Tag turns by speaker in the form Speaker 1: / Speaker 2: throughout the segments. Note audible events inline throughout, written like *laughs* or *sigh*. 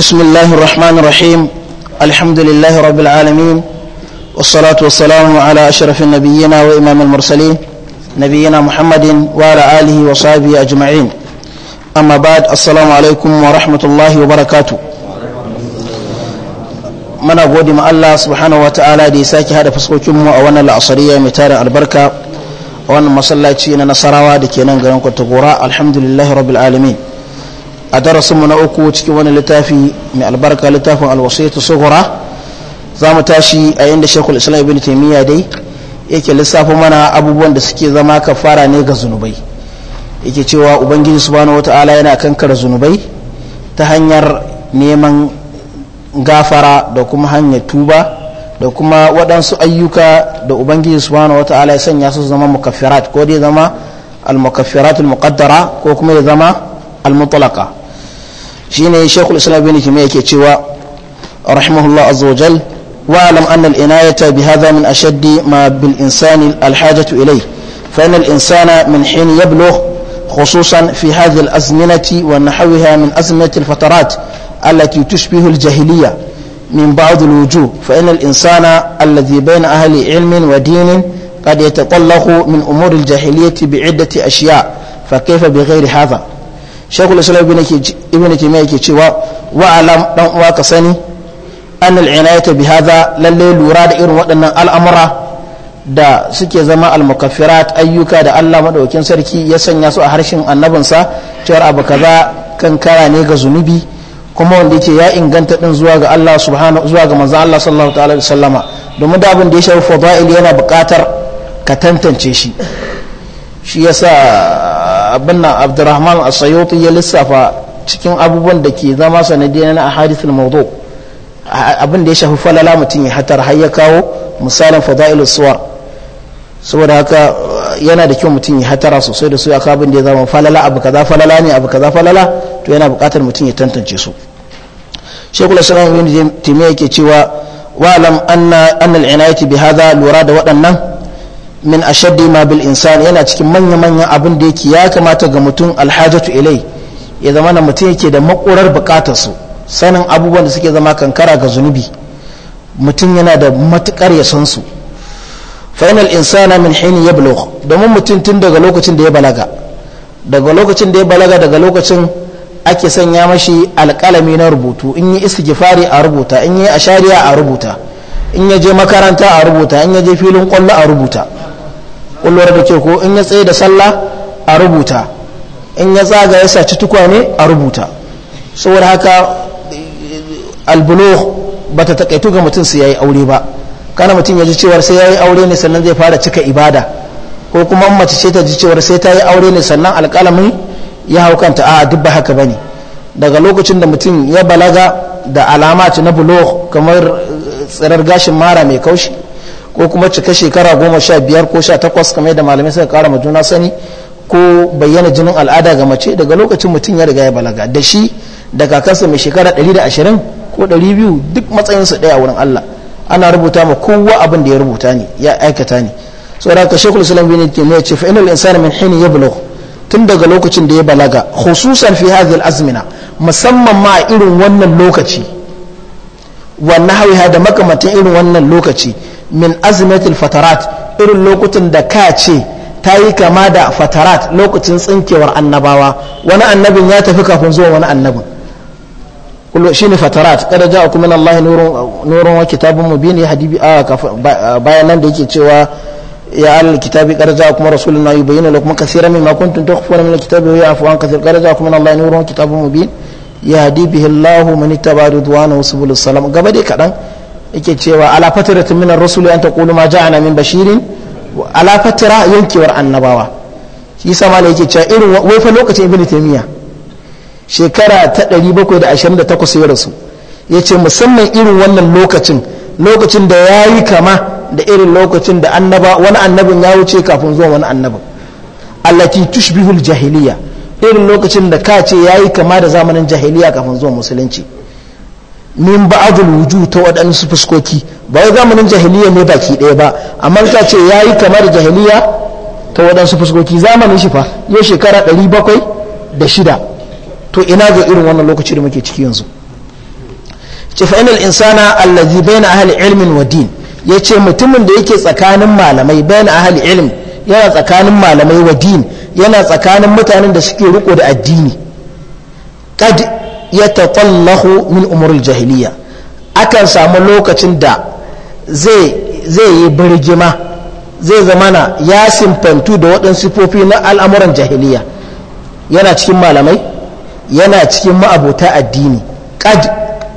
Speaker 1: بسم الله الرحمن الرحيم الحمد لله رب العالمين والصلاة والسلام على أشرف النبيين وإمام المرسلين نبينا محمد وعلى آله وصحبه أجمعين أما بعد السلام عليكم ورحمة الله وبركاته mana gode ma Allah subhanahu wa ta'ala da ya sake hada fuskokinmu a wannan la'asariya mai tarin albarka a wannan masallaci na nasarawa da ke nan garin kwantagora alhamdulillahi rabbil a darasinmu na uku cikin wani littafi mai albarka littafin alwasaitu sughra za mu tashi a inda shekul islam ibn taimiyya dai yake lissafi mana abubuwan da suke zama kafara ne ga zunubai yake cewa ubangiji subhanahu wata'ala yana kankara zunubai ta hanyar neman gafara da kuma hanyar tuba da kuma waɗansu ayyuka da ubangiji subhanahu wata'ala ya sanya su zama mukaffirat ko dai zama al-mukaffirat al-muqaddara ko kuma ya zama al-mutlaqa شيخ الاسلام بن تيميه kimiyya yake رحمه الله عز وجل واعلم أن العناية بهذا من أشد ما بالإنسان الحاجة إليه فإن الإنسان من حين يبلغ خصوصا في هذه الأزمنة ونحوها من أزمنة الفترات التي تشبه الجاهلية من بعض الوجوه فإن الإنسان الذي بين أهل علم ودين قد يتطلق من أمور الجاهلية بعدة أشياء فكيف بغير هذا؟ shekul islam ibn mai yake cewa wa alam dan uwa ka sani an al'inayata bi hadha lalle lura da irin waɗannan al'amura da suke zama al-mukaffirat ayyuka da Allah madaukakin sarki ya sanya su a harshen annabinsa cewa abu kaza kankara ne ga zunubi kuma wanda yake ya inganta din zuwa ga Allah subhanahu zuwa ga manzon Allah sallallahu ta'ala wasallama domin da abin da ya shafi fadail yana buƙatar ka tantance shi shi yasa abin nan abdurrahman asayoti ya lissafa cikin abubuwan da ke zama sanadiyar na ahadithul mawdu abin da ya shafi falala mutum ya hatar har ya kawo misalin fada'ilus suwar saboda haka uh, yana da kyau mutum ya hatara sosai da su ya abin da ya zama falala abu kaza falala ne abu kaza falala to yana buƙatar mutum ya tantance su shekula islam ibn timiyya yake cewa wa'lam anna anna inayati bi hadha lura da waɗannan min ashaddi ma bil insan yana cikin manya-manyan abin da yake ya kamata ga mutum alhajatu ilai ya zama na mutum yake da makurar bukatar su sanin abubuwan da suke zama kankara ga zunubi mutum yana da matukar ya san su fainal insana min hini ya bulog domin mutum tun daga lokacin da ya balaga daga lokacin da ya balaga daga lokacin ake sanya mashi alkalami na rubutu in yi istighfari a rubuta in yi ashariya a rubuta in ya je makaranta a rubuta in ya je filin kwallo a rubuta kun da ce ko in ya tsaye da sallah a rubuta in ya tsaga ya saci tukwane a rubuta saboda haka albulo ba ta takaitu ga mutum su yayi aure ba kana mutum ya ji cewar sai yayi aure ne sannan zai fara cika ibada ko kuma mace ce ta ji cewar sai ta yi aure ne sannan alƙalamin ya hau kanta a duk ba haka bane daga lokacin da mutum ya balaga da alamat na bulo kamar tsirar gashin mara mai kaushi ko kuma cika shekara goma sha biyar ko sha takwas kamar yadda malamai suka kara ma juna sani ko bayyana jinin al'ada ga mace daga lokacin mutum ya riga ya balaga da shi da kakarsa mai shekara ɗari da ashirin ko ɗari biyu duk matsayinsa ɗaya a wurin Allah ana rubuta ma kowa abin da ya rubuta ni ya aikata ne saboda ka shekul islam bin ne ce fa inal min min ya bulo tun daga lokacin da ya balaga khususan fi hadhihi azmina musamman ma irin wannan lokaci wannan hawiha da makamantan irin wannan lokaci min azmatil fatarat irin lokutan da ka ce ta yi kama da fatarat lokacin tsinkewar annabawa wani annabin ya tafi kafin zuwa wani annabin shi ne fatarat kada ja kuma na Allah nurun wa kitabun mubin ya hadibi a bayan nan da yake cewa ya alal kitabi kada ja kuma rasulun na yi bayyana da kuma kasira mai makuntun ta kufuwa min kitabi ya afuwa an kasir kada ja kuma na Allah nurun wa kitabun mubin ya hadibi Allah mani taba ridwanu subulus salam gaba dai kaɗan yake cewa ala fatratin minar rasuli an taqulu ma ja'ana min bashirin ala yankewar annabawa shi yasa malai yake cewa irin wai fa lokacin ibnu taymiya shekara ta 728 ya rasu yace musamman irin wannan lokacin lokacin da yayi kama da irin lokacin da annaba wani annabin ya wuce kafin zuwa wani annabin allati tushbihul jahiliya irin lokacin da ka ce yayi kama da zamanin jahiliya kafin zuwa musulunci min ba'adul wuju ta waɗansu fuskoki ba wai zamanin jahiliya ne baki ɗaya ba amma ta ce ya yi kamar jahiliya ta waɗansu fuskoki zamanin shi fa yau shekara ɗari bakwai da shida to ina ga irin wannan lokaci da muke ciki yanzu ce fa inal insana allazi baina ahli ilmin wa din yace mutumin da yake tsakanin malamai baina ahli ilm yana tsakanin malamai wa din yana tsakanin mutanen da suke riko da addini kad ya tatallahu min umurul jahiliya akan samu lokacin da zai yi birgima zai zamana ya simfantu da waɗansu sifofi na al'amuran jahiliya yana cikin malamai yana cikin ma'abota addini qad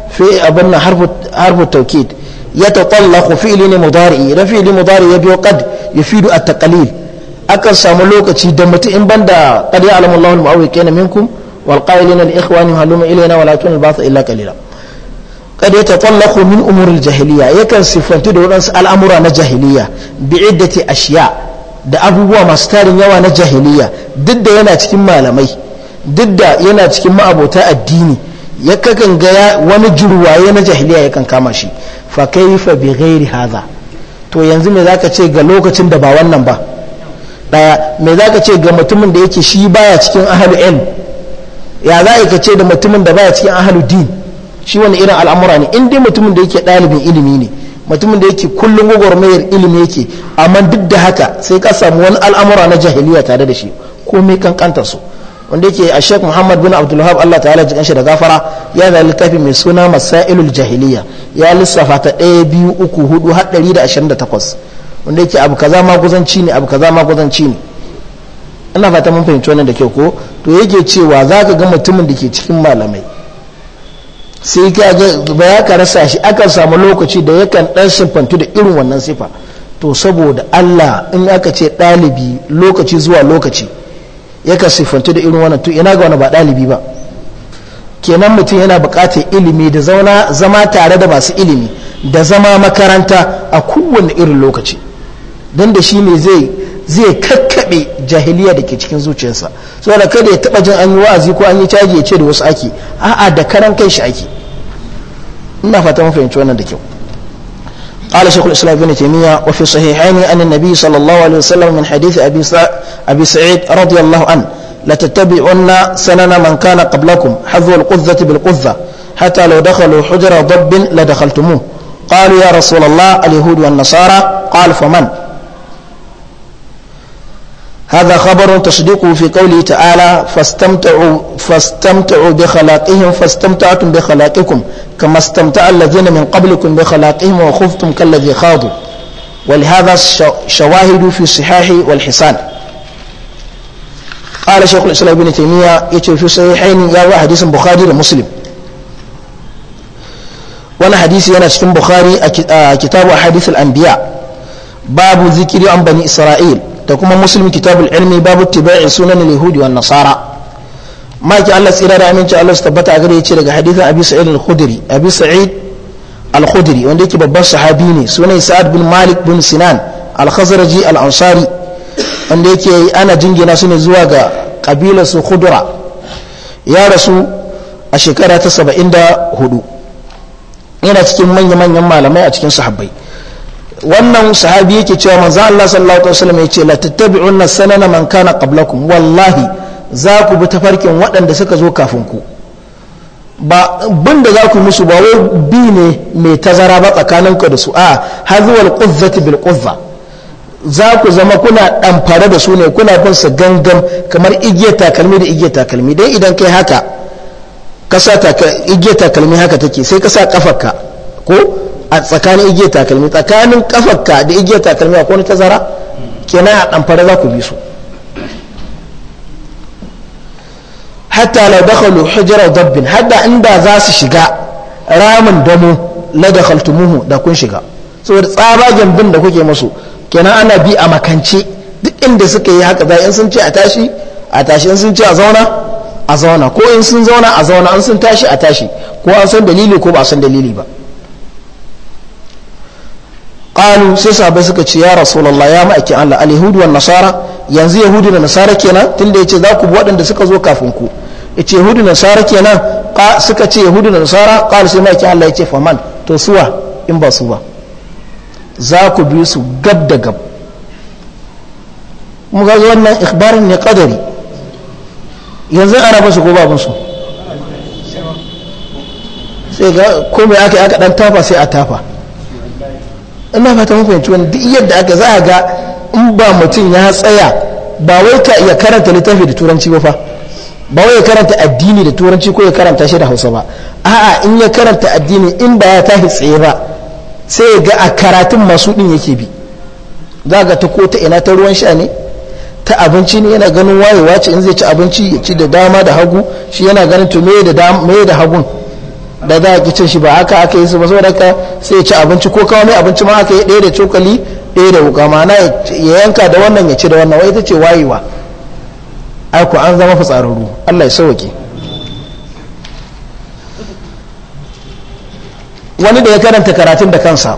Speaker 1: fi abin na harfu taukid ya tatallahu fi'li ne mudari idan fi'li mudari ya biyo ya yufidu a taqlil akan samu lokaci da mutum in banda ya ya'lamu Allahu al-mu'awwiqina minkum والقائلين لإخوانهم هلم إلينا ولا تكون البعث إلا قليلا قد يتطلق من أمور الجاهلية يكن صفوان تدور الأمر نجاهلية بعدة أشياء da abubuwa masu tarin yawa na jahiliya duk da yana cikin malamai duk da yana cikin ma'abota addini ya kakan ga wani jurwaye na jahiliya yakan kama shi fa kaifa bi ghairi hadha to yanzu me zaka ce ga lokacin da ba wannan ba daya me zaka ce ga mutumin da yake shi baya cikin ahli ilm ya za ka ce da mutumin da baya cikin ahalu din shi wani irin al'amura ne in dai mutumin da yake ɗalibin ilimi ne mutumin da yake kullum gwagwarmayar ilimi yake amma duk da haka sai ka samu wani al'amura na jahiliya tare da shi komai kankantar su wanda yake a sheikh muhammad bin abdulhab allah ta'ala jikan shi da gafara ya da littafi mai suna masailul jahiliya ya lissafa ta ɗaya biyu uku hudu har ɗari da ashirin da takwas wanda yake abu kaza maguzanci ne abu kaza maguzanci ne ina fata mun fahimci wannan da kyau ko to yake cewa za ka ga mutumin da ke cikin malamai sai ka ga ba ya ka rasa shi aka samu lokaci da yakan dan shimfantu da irin wannan sifa to saboda Allah in aka ce ɗalibi lokaci zuwa lokaci yakan siffantu da irin wannan to ina ga wani ba ɗalibi ba kenan mutum yana buƙatar ilimi da zauna zama tare da masu ilimi da zama makaranta a kowane irin lokaci don da shi ne zai zai kakkaɓe jahiliya da ke cikin zuciyarsa saboda kada ya taɓa jin an yi wa'azi ko an yi caji ya ce da wasu ake a'a da karan kai shi ake ina fata mun fahimci wannan da kyau قال شيخ الاسلام ابن تيميه وفي صحيحين ان النبي صلى الله عليه وسلم من حديث ابي ابي سعيد رضي الله عنه لتتبعن سنن من كان قبلكم حذو القذة بالقذة حتى لو دخلوا حجر ضب لدخلتموه قالوا يا رسول الله اليهود والنصارى قال فمن هذا خبر تصديقه في قوله تعالى فاستمتعوا, فاستمتعوا بخلاقهم فاستمتعتم بخلاقكم كما استمتع الذين من قبلكم بخلاقهم وخفتم كالذي خاضوا ولهذا شواهد في الصحاح والحسان قال شيخ الإسلام ابن تيمية يتي في صحيحين يروى حديث البخاري ومسلم وانا حديثي أنا في البخاري آه، كتاب أحاديث الأنبياء باب ذكر عن بني إسرائيل da kuma muslim kitabul ilmi babu tibai sunan yahudi wa nasara maki Allah tsira da aminci Allah su tabbata a gare ya ce daga hadithin abi sa'id al-khudri abi sa'id al-khudri wanda yake babban sahabi ne sunan sa'ad bin malik bin sinan al-khazraji al-ansari wanda yake ana jingina su ne zuwa ga kabilar su khudra ya rasu a shekara ta 74 yana cikin manya-manyan malamai a cikin sahabbai wannan sahabi yake cewa manzo Allah sallallahu alaihi wasallam yace la tattabi'unna sanana man kana qablakum wallahi za ku bi tafarkin waɗanda suka zo kafin ku ba bin da za ku musu ba wai bi ne mai tazara ba tsakanin ku da su a hazwal quzzati bil quzza za ku zama kuna ɗamfare da su ne kuna bin su gangan kamar igiyar takalmi da igiyar takalmi dai idan kai haka ka sa igiyar takalmi haka take sai ka sa kafarka ko a tsakanin igiyar takalmi tsakanin kafarka da igiyar takalmi a kone tazara kenan a ɗanfara za ku bi su hatta lau dakhalu hujra dabbin hadda inda za su shiga ramin damo la dakhaltumuhu da kun shiga saboda tsabagen bin da kuke musu kenan ana bi a makance duk inda suka yi haka zai in sun ce a tashi a tashi in sun ce a zauna a zauna ko in sun zauna a zauna an sun tashi a tashi ko an san dalili ko ba san dalili ba qalu sai sahabbai suka ce ya rasulullahi ya ma'aikin Allah al-yahudu wan nasara yanzu yahudu da nasara kenan tunda yace za ku bi waɗanda suka zo kafin ku yace yahudu da nasara kenan suka ce yahudu da nasara qalu sai ma'aikin Allah yace faman to suwa in ba su ba za ku bi su gab da gab mu ga wannan ikhbarin ne qadari yanzu ana ba su ko babun su sai ga mai aka aka dan tafa sai a tafa ina fata mun fahimci wani duk yadda aka za a ga in ba mutum ya tsaya ba wai ka ya karanta littafi da turanci ba fa ba wai ya karanta addini da turanci ko ya karanta shi da hausa ba a'a in ya karanta addini in ba ya tafi tsaye ba sai ga a karatun masu din yake bi za ga ta ko ta ina ta ruwan sha ne ta abinci ne yana ganin wayewa ce in zai ci abinci ya ci da dama da hagu shi yana ganin to me da hagun da za a cin shi ba haka aka yi su ba da ka sai ci abinci ko kawo mai abinci ma aka yi ɗaya da cokali ɗaya da wuka ma'ana ya yanka da wannan ya ci da wannan wai ita ce wayewa aiko an zama fitsararru Allah ya sauke wani da ya karanta karatun da kansa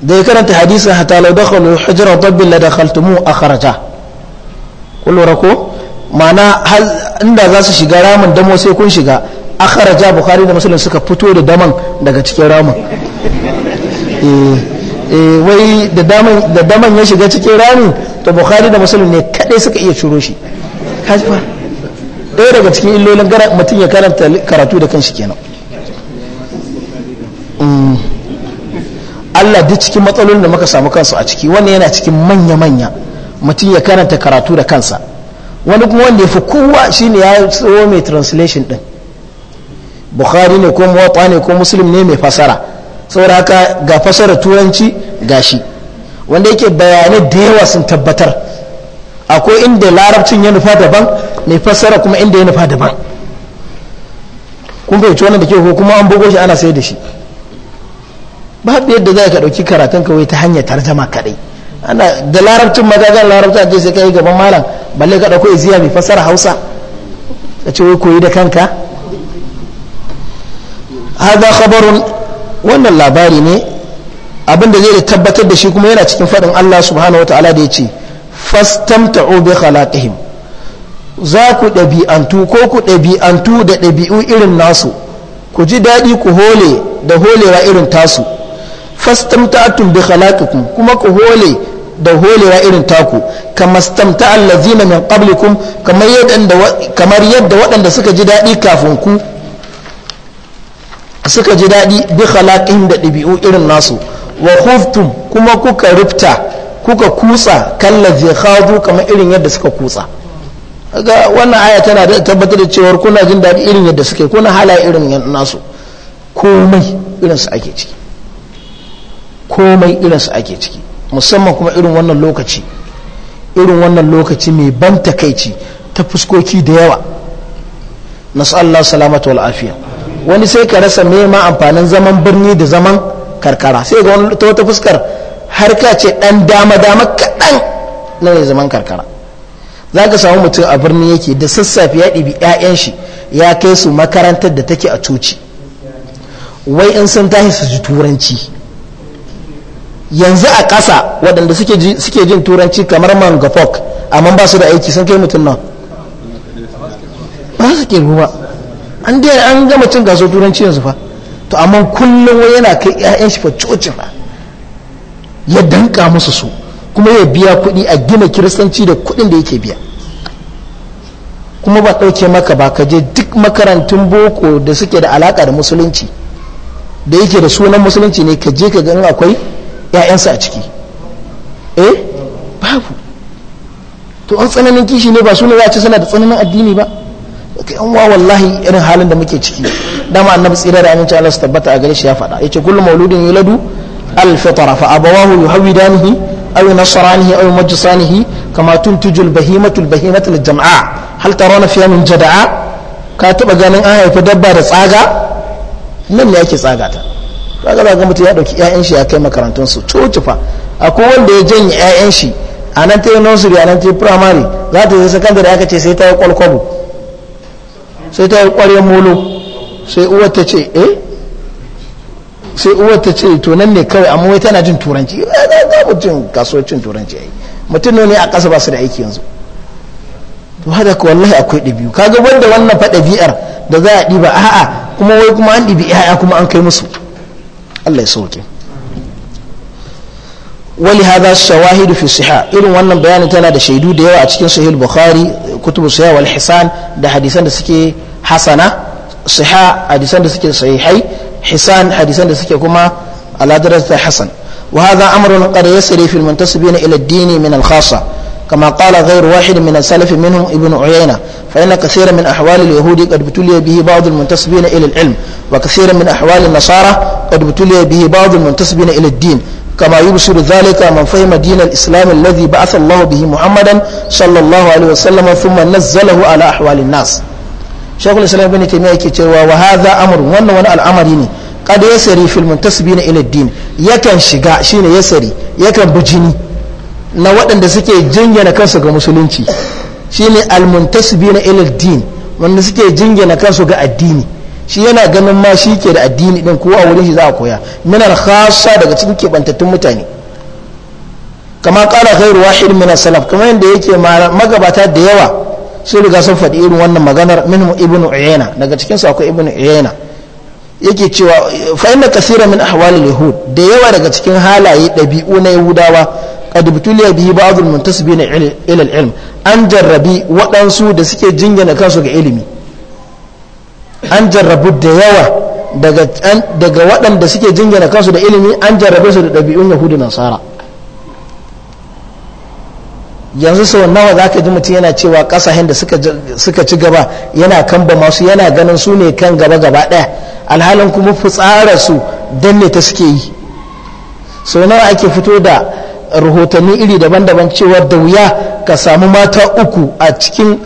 Speaker 1: da ya karanta hadisin hatta lau dakhalu hujra dabbin la dakhaltumu akhraja kullu rako ma'ana inda za su shiga ramin damo sai kun shiga akharaja bukhari da muslim suka fito da daman daga cikin ramin eh, eh, wai da daman ya shiga cikin rami to bukhari da muslim ne kadai suka iya ciro shi fa? ɗaya daga cikin illolin mutum ya karanta karatu da kanshi kenan mm. Allah duk cikin matsalolin da muka samu kansu a ciki wannan yana cikin manya-manya mutum ya karanta karatu da kansa wani kuma wanda ya fi kowa shine ya tsoro mai translation din bukhari ne ko muwatta ne ko muslim ne mai fasara saboda haka ga fasara turanci ga shi wanda yake bayanai da yawa sun tabbatar akwai inda larabcin ya nufa daban mai fasara kuma inda ya nufa daban kun fahimci wannan da ke kuma an bugo shi ana sayar da shi babu yadda za ka ɗauki karatun kawai ta hanyar tarjama kaɗai ana da larabcin magagan a je sai kai gaban malam balle ka ɗauko iziya mai fasara hausa ka ce wai koyi da kanka hada khabarun wannan labari ne abin da zai tabbatar da shi kuma yana cikin faɗin Allah subhanahu wa ta'ala da ya ce fastamta'u bi khalaqihim za ku ɗabi'antu ko ku ɗabi'antu da ɗabi'u irin nasu ku ji daɗi ku hole da holewa irin tasu fastamta'atum bi khalaqikum kuma ku hole da holewa irin taku kama stamta'a allazina min qablikum kamar yadda waɗanda suka ji daɗi kafin ku suka ji daɗi bi khalaqin da ɗabi'u irin nasu wa khuftum kuma kuka rufta kuka kutsa kallazi khadu kama irin yadda suka kutsa ga wannan aya tana da tabbatar da cewa kuna jin daɗi irin yadda suke kuna halaye irin nasu komai irin su ake ciki komai irin su ake ciki musamman kuma irin wannan lokaci irin wannan lokaci mai ban takaici ta fuskoki da yawa nasu Allah salamatu wal afiya wani sai ka rasa mema amfanin zaman birni da zaman karkara sai ga wani ta wata fuskar har ka ce dan dama dama kaɗan na ne zaman karkara za ka samu mutum a birni yake da sassafe ya ɗibi 'ya'yan shi ya kai su makarantar da take a coci wai in sun tashi su ji turanci yanzu a ƙasa waɗanda suke jin turanci kamar mangapok amma ba su da aiki sun kai mutum nan ba su ke ruwa an dai an gama cin gasar turanci yanzu fa to amma kullum wai yana kai 'ya'yan shi fa cocin ya danka musu su kuma ya biya kuɗi a gina kiristanci da kuɗin da yake biya kuma ba ɗauke maka ba ka je duk makarantun boko da suke da alaƙa da musulunci da yake da sunan musulunci ne ka je ka ga akwai 'ya'yansa a ciki eh babu to an tsananin kishi ne ba su ne za a ci suna da tsananin addini ba Ka an wa wallahi irin halin da muke ciki dama annabi tsira da aminci Allah su tabbata a gare shi ya faɗa yace kullu mauludin yuladu al fitra fa abawahu yuhawidanihi aw nasranihi aw majsanihi kama tuntiju al bahimatu jam'a hal tarawna fiha min jada'a ka taba ganin an haifi dabba da tsaga nan ne yake tsaga ta kaga ba ga mutum ya dauki ƴaƴan shi ya kai makarantun su fa akwai wanda ya janye ƴaƴan shi a nan ta yi nursery a nan ta yi primary za ta yi secondary aka ce sai ta yi kwalkwabo sai ta yi ƙwaryar molo sai uwar ta ce eh sai uwar ta ce to nan ne kawai amma wai tana jin turanci za eh, mu jin kasuwancin turanci ai mutum ne a ƙasa ba su da aiki yanzu to hada ka wallahi akwai ɗabi'u kaga wanda wannan faɗa biyar da za a ɗiba a'a kuma wai kuma an ɗibi 'ya'ya kuma an kai musu Allah ya sauke wali hada shawahidu fi siha irin wannan bayanin tana da shaidu da yawa a cikin sahih bukhari kutubu sahih wal hisan da hadisan da suke hasana siha hadisan da suke sahihai hisan hadisan da suke kuma ala darajat hasan wa hadha amrun qad yasri fi al muntasibina ila ad-din min al khassa كما قال غير واحد من السلف منهم ابن عيينة فإن كثيرا من أحوال اليهود قد ابتلي به بعض المنتسبين إلى العلم وكثيرا من أحوال النصارى قد ابتلي به بعض المنتسبين إلى الدين كما يبشر ذلك من فهم دين الإسلام الذي بعث الله به محمدا صلى الله عليه وسلم ثم نزله على أحوال الناس شيخ الإسلام بن تيمية كتوى وهذا أمر وأن وأن الأمر قد يسري في المنتسبين إلى الدين يكن شقاء شين يسري يكن بجني na waɗanda suke jingina kansu ga musulunci shine almuntasibina ila din wanda suke jingina kansu ga addini shi yana ganin ma shi ke da addini din kowa wurin shi za a koya minar khasa daga cikin kebantattun mutane kama kala khairu wahid min salaf kamar yadda yake magabata da yawa sun riga sun faɗi irin wannan maganar minhu ibnu uyayna daga cikin su akwai ibnu yake cewa fa inna kaseera min ahwal yahud da yawa daga cikin halaye dabi'u na yahudawa qad butuliya bihi ba'd al-muntasibin ila al-ilm an jarrabi waɗansu da suke jingina kansu ga ilimi an jarrabu da yawa daga waɗanda suke jingina kansu da ilimi an jarrabe su da ɗabi'un yahudu nasara yanzu sau nawa za ka ji mutum yana cewa ƙasashen da suka ci gaba yana kamba masu yana ganin su ne kan gaba gaba ɗaya alhalin kuma tsara su danne ta suke yi sau nawa ake fito da rahotanni iri daban-daban cewa da wuya ka samu mata uku a cikin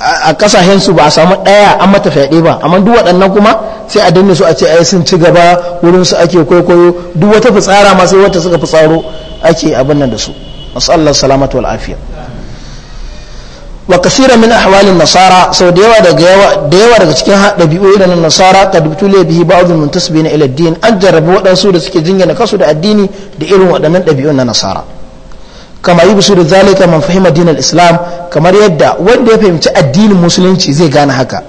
Speaker 1: a kasashensu ba a samu ɗaya an mata fyaɗe ba amma duk waɗannan kuma sai a danne su a ce ai sun ci gaba wurin su ake kwaikwayo duk wata fitsara ma sai wata suka fitsaro ake abin nan da su masallar salamatu al'afiya. afiya wa kasira min ahwalin nasara sau da yawa daga da yawa daga cikin ɗabi'o'i irin nasara qad le bihi ba'd min tasbina ila din an jarabu waɗansu da suke jingina kasu da addini da irin waɗannan ɗabi'un na nasara kama yi bisu da zalika man fahima dinar islam kamar yadda wanda ya fahimci addinin musulunci zai gane haka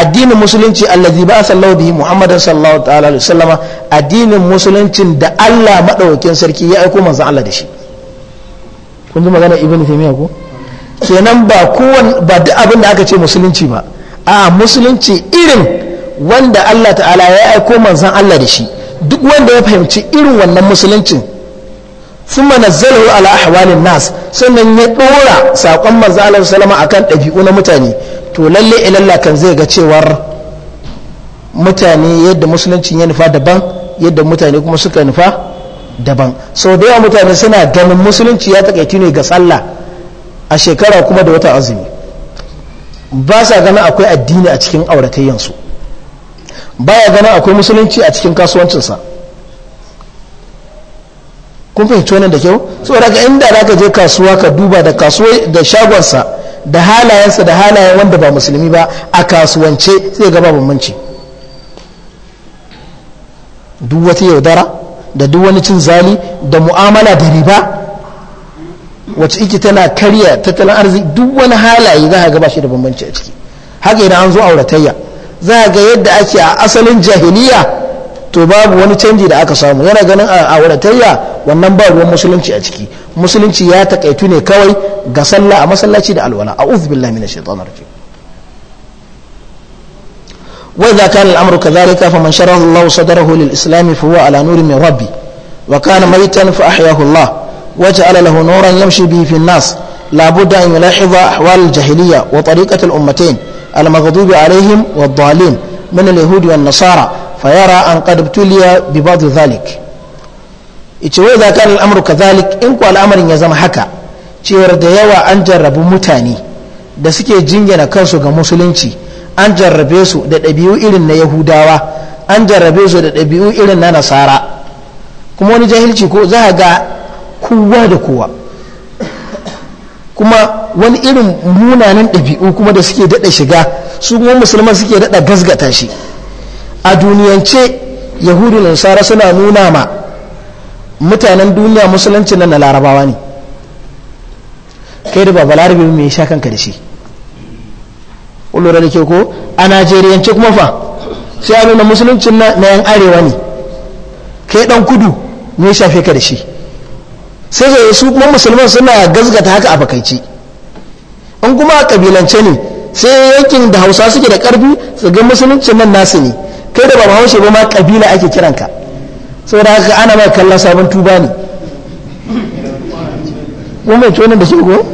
Speaker 1: addinin musulunci allazi ba sallahu bihi muhammadan sallallahu ta'ala alaihi wasallama addinin musuluncin da Allah madaukakin sarki ya aiko manzon Allah da shi kun ji magana ibnu taymiya ko kenan ba kowa ba duk abin da aka ce musulunci ba a musulunci irin wanda Allah ta'ala ya aiko manzon Allah da shi duk wanda ya fahimci irin wannan musuluncin ثم نزله على nas الناس sannan ya ɗora saƙon manzo salama sallama akan ɗabi'u na mutane to lalle ilalla kan zai ga cewar mutane yadda musulunci ya nufa daban yadda mutane kuma suka nufa daban sau da yawa mutane suna ganin musulunci ya takaici ne ga sallah a shekara kuma da wata azumi ba sa ganin akwai addini a cikin auratayyansu ba ya ganin akwai musulunci a cikin kasuwancinsa kun fahimci wannan da kyau saboda ga inda za ka je kasuwa ka duba da kasuwa da shagonsa da halayensa da halayen wanda ba musulmi ba a kasuwance zai gaba bambanci duk wata yaudara da duk wani cin zali da mu'amala da riba wacce iki tana karya tattalin arziki duk wani halaye za a ga da bambanci a ciki haka idan an zo auratayya za a ga yadda ake a asalin jahiliya to babu wani canji da aka samu yana ganin a auratayya wannan ba ruwan musulunci a ciki musulunci ya takaitu ne kawai ga sallah a masallaci da alwala a'udhu billahi minash shaitanir rajim wa idza kana al-amru kadhalika faman sharaha Allah sadrahu lil-islam fa huwa ala nurin min rabbi wa kana maitan fa ahyahu Allah wa ja'ala lahu nuran yamshi bihi fi nas la budda an yulahiza ahwal jahiliyya wa tariqat al-ummatayn al-maghdubi alayhim wad-dallin min al-yahudi wan-nasara fayara an qadabtuliya bi ba'd zalik ice wai za kan ka zalik in ku al'amarin ya zama haka cewar da yawa an jarrabu mutane da suke jingina kansu ga musulunci an jarrabe su da ɗabi'u irin na yahudawa an jarrabe su da ɗabi'u irin na nasara kuma wani jahilci ko za ga kowa da kowa kuma wani irin munanan ɗabi'u kuma da suke daɗa shiga su kuma musulman suke daɗa gasgata shi a duniyance yahudu da nasara suna nuna ma mutanen duniya musulunci nan na larabawa ne kai da baba larabi mai sha kanka da shi ulura da ke ko a najeriyance kuma fa sai a nuna musulunci na yan arewa ne kai dan kudu mai shafe ka da shi sai zai su kuma musulman suna gazgata haka a bakaici in kuma a kabilance ne sai yankin da hausa suke da karfi su ga musulunci nan nasu ne kai da ba bahaushe ba ma kabila ake kiranka saboda haka ana ba kallon sabon tuba ne kuma mai tonin da ke ko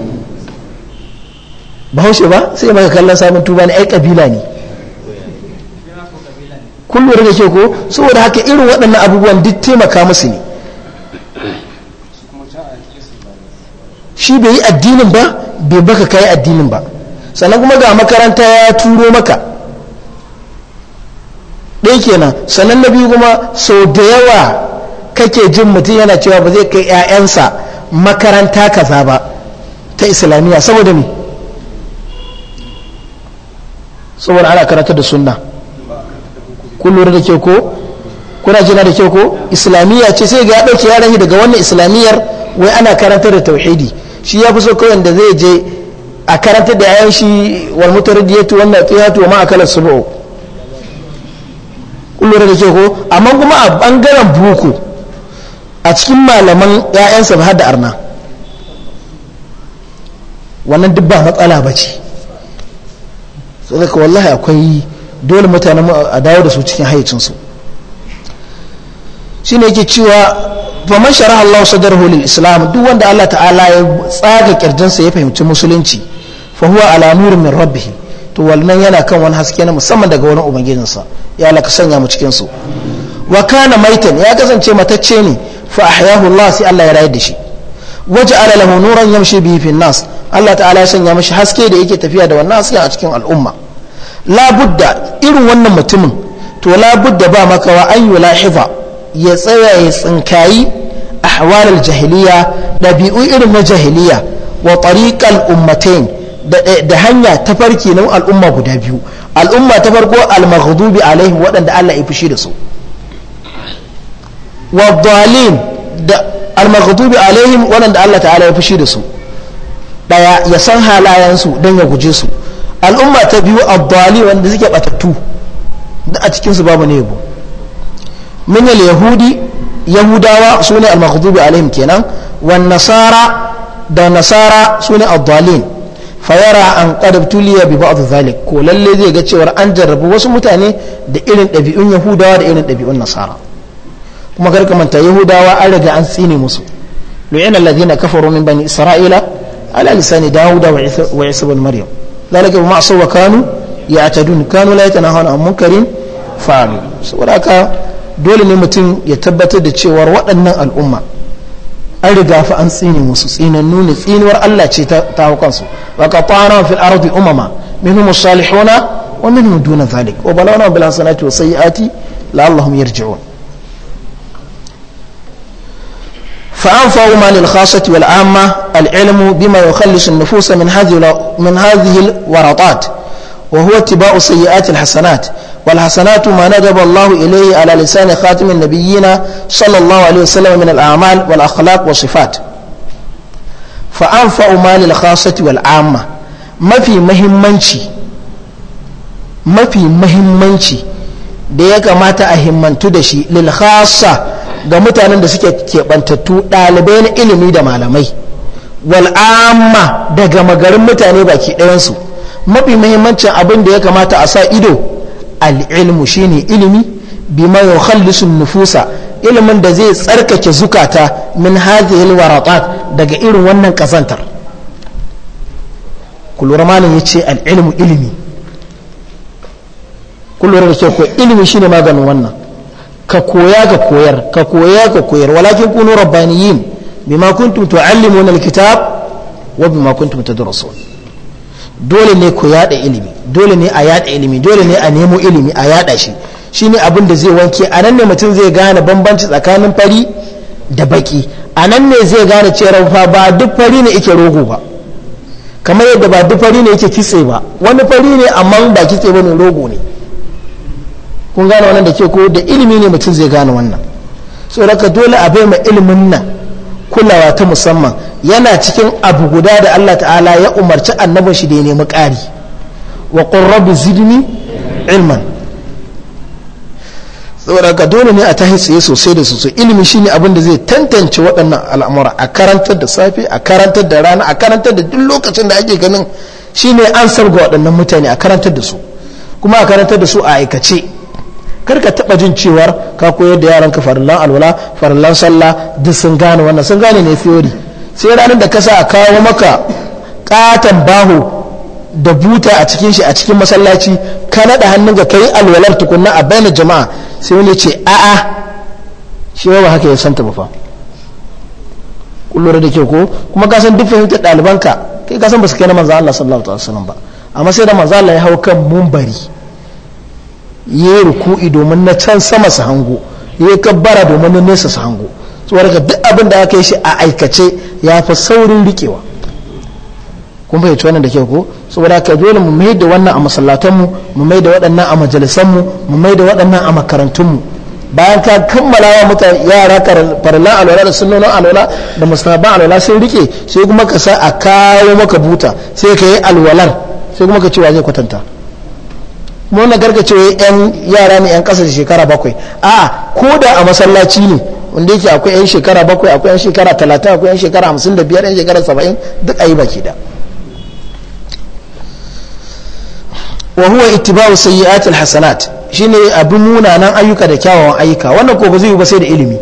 Speaker 1: bahaushe ba sai ma kallon sabon tuba ne ai kabila ne kullum da ke ko saboda haka irin waɗannan abubuwan duk taimaka musu ne shi bai yi addinin ba bai baka kai addinin ba sannan kuma ga makaranta ya turo maka ɗaya kenan sannan na biyu kuma sau da yawa kake jin mutum yana cewa ba zai kai 'ya'yansa makaranta kaza ba ta islamiyya saboda me saboda ana karanta da sunna kullum da ke ko kuna jina da ke ko islamiyya ce sai ga ya yaran shi daga wannan islamiyyar wai ana karanta da tauhidi shi ya fi so kawai da zai je a karanta da 'ya'yan shi wal mutarriyatu wannan tiyatu wa ma'akalar akalas sub'u kullum da ke ko amma kuma a bangaren buku a cikin malaman 'ya'yansa ba da arna wannan duk ba matsala ba ce so daga wallahi akwai dole mutane a dawo da su cikin hayyacinsu shi ne ke cewa ba man shara Allah sadarhu lil islam duk wanda Allah ta'ala ya tsaga kirjinsa ya fahimci musulunci fa huwa ala min rabbihim to wannan yana kan wani haske na musamman daga wani ubangijinsa ya laka sanya mu cikin su wa kana maitan ya kasance matacce ne fa ahyahu Allah sai Allah ya rayar da shi waje ala lahu nuran yamshi bihi fi nas Allah ta'ala ya sanya mashi haske da yake tafiya da wannan hasken a cikin al'umma la budda irin wannan mutumin to la budda ba maka an yulahifa ya tsaya ya tsinkayi ahwal al-jahiliya dabi'u irin na jahiliya wa tariqal ummatain da hanya ta farki na al'umma guda biyu al'umma ta farko al-maghdubi alaihim waɗanda Allah ya fushi da su wa dalin da al-maghdubi alaihim waɗanda Allah ta'ala ya fushi da su daya ya san halayensu don ya guje su al'umma ta biyu abdali wanda suke batattu da a cikinsu babu ne yabo min yahudi yahudawa sune ne al-maghdubi alaihim kenan wan nasara da nasara sune ne abdalin fayara an qadab tuliya bi ba'd zalik ko lalle zai ga cewar an jarrabu wasu mutane da irin ɗabi'un yahudawa da irin ɗabi'un nasara kuma karka manta yahudawa an riga an tsine musu lu'ina alladhina kafaru min bani isra'ila ala lisani dawuda wa isa ibn maryam zalika ma asaw wa kanu ya'tadun kanu la yatanahuna an munkarin fa'alu saboda haka dole ne mutum ya tabbatar da cewar waɗannan al'umma an riga fa an tsine musu tsinan nuni tsinuwar Allah ce ta hau kansu wa qatana fil ardi umama minhum salihuna wa minhum duna zalik wa balawna bil hasanati wa sayyiati la'allahum yarji'un فأنفع ما للخاصة والعامة العلم بما يخلص النفوس من هذه من هذه الورطات وهو اتباع سيئات الحسنات والحسنات ما ندب الله إليه على لسان خاتم النبيين صلى الله عليه وسلم من الأعمال والأخلاق والصفات فأنفع ما للخاصة والعامة ما في مهمنشي ما في مهمنشي da ya kamata a himmantu da shi lil ga mutanen da suke keɓantattu ɗalibai na ilimi da malamai wal'amma daga magarin mutane baki ɗayansu mafi muhimmancin abin da ya kamata a sa ido al'ilmu shine ilimi bima ya khallisun nufusa ilimin da zai tsarkake zukata min hadhihi waratat daga irin wannan kazantar kullura malam yace al'ilmu ilimi kullura da ko ilimi shine maganin wannan ka koya ga koyar ka koya ga koyar walakin kunu rabbaniyin bima kuntum tuallimuna alkitab wa bima kuntum tadrusun dole ne ku yada ilimi dole ne a yada ilimi dole ne a nemo ilimi a yada shi shine abin da zai wanke a nan ne mutum zai gane bambanci tsakanin fari da baki a nan ne zai gane cewa fa ba duk fari ne yake rogo ba kamar yadda ba duk fari ne yake kitse ba wani fari ne amma ba kitse ba ne rogo ne kun gane wannan da ke ko da ilimi ne mutum zai gane wannan so raka dole a bai ma ilimin nan kulawa ta musamman yana cikin abu guda da Allah ta'ala ya umarci annabin shi da ya nemi ƙari wa rabbi zidni ilman saboda ka dole ne a tahi tsaye sosai da sosai ilimi shine abin da zai tantance waɗannan al'amura a karantar da safe a karantar da rana a karantar da duk lokacin da ake ganin shine an ga waɗannan mutane a karantar da su kuma a karantar da su a aikace kar ka taɓa jin cewar ka koyar da ka farallan alwala farallan sallah duk sun gane wannan sun gane ne theory sai ranar da ka sa kawo maka katon baho da buta a cikin shi a cikin masallaci ka naɗa hannun ka kai alwalar tukunna a bayan jama'a sai wani ce a'a shi ba haka ya santa ba fa kullura da ke ko kuma ka san duk fahimtar ɗalibanka kai ka san ba su kai na manzo Allah sallallahu alaihi wasallam ba amma sai da manzo Allah ya hau kan mumbari ya yi ruku'i domin na can sama su hango ya yi kabbara domin na nesa su hango tsohon ka duk abin da aka yi shi a aikace ya fi saurin rikewa kun fahimci wannan da ke ko saboda ka dole mu mai da wannan a masallatanmu mu mai da waɗannan a majalisanmu mu mai da waɗannan a makarantunmu bayan ka kammala wa muta yara farilla alwala da nuna alwala da mustahaban alwala sun rike sai kuma ka sa a kawo maka buta sai ka yi alwalar sai kuma ka ce wa zai kwatanta mona gargace yan yara ne yan kasa da shekara bakwai a ko da a masallaci ne wanda yake akwai yan shekara bakwai akwai yan shekara talatin akwai yan shekara hamsin da biyar yan shekara saba'in duk a yi baki da wa huwa ittiba'u sayyi'ati hasanat shine abin munanan ayyuka da kyawawan ayyuka wannan ko ba zai yi ba sai da ilimi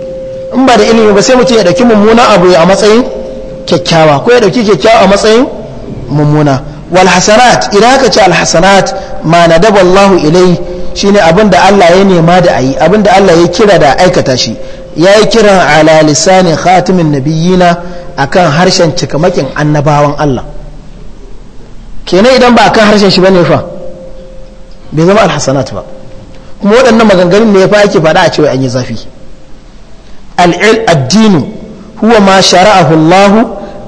Speaker 1: in ba da ilimi ba sai mutum ya dauki mummuna abu a matsayin kyakkyawa ko ya dauki kyakkyawa a matsayin mummuna wal idan aka ci al hasanat ma nadaba Allahu ilai shine abin da Allah ya nema da ayi abin da Allah ya kira da aikata shi ya yi kiran ala lisanin khatimin nabiyina akan harshen cikamakin annabawan Allah kenan idan ba akan harshen shi bane bai zama alhasanat ba kuma waɗannan maganganun ne fa ake faɗa a cewa an yi zafi al'il addinu huwa ma shara'ahu Allah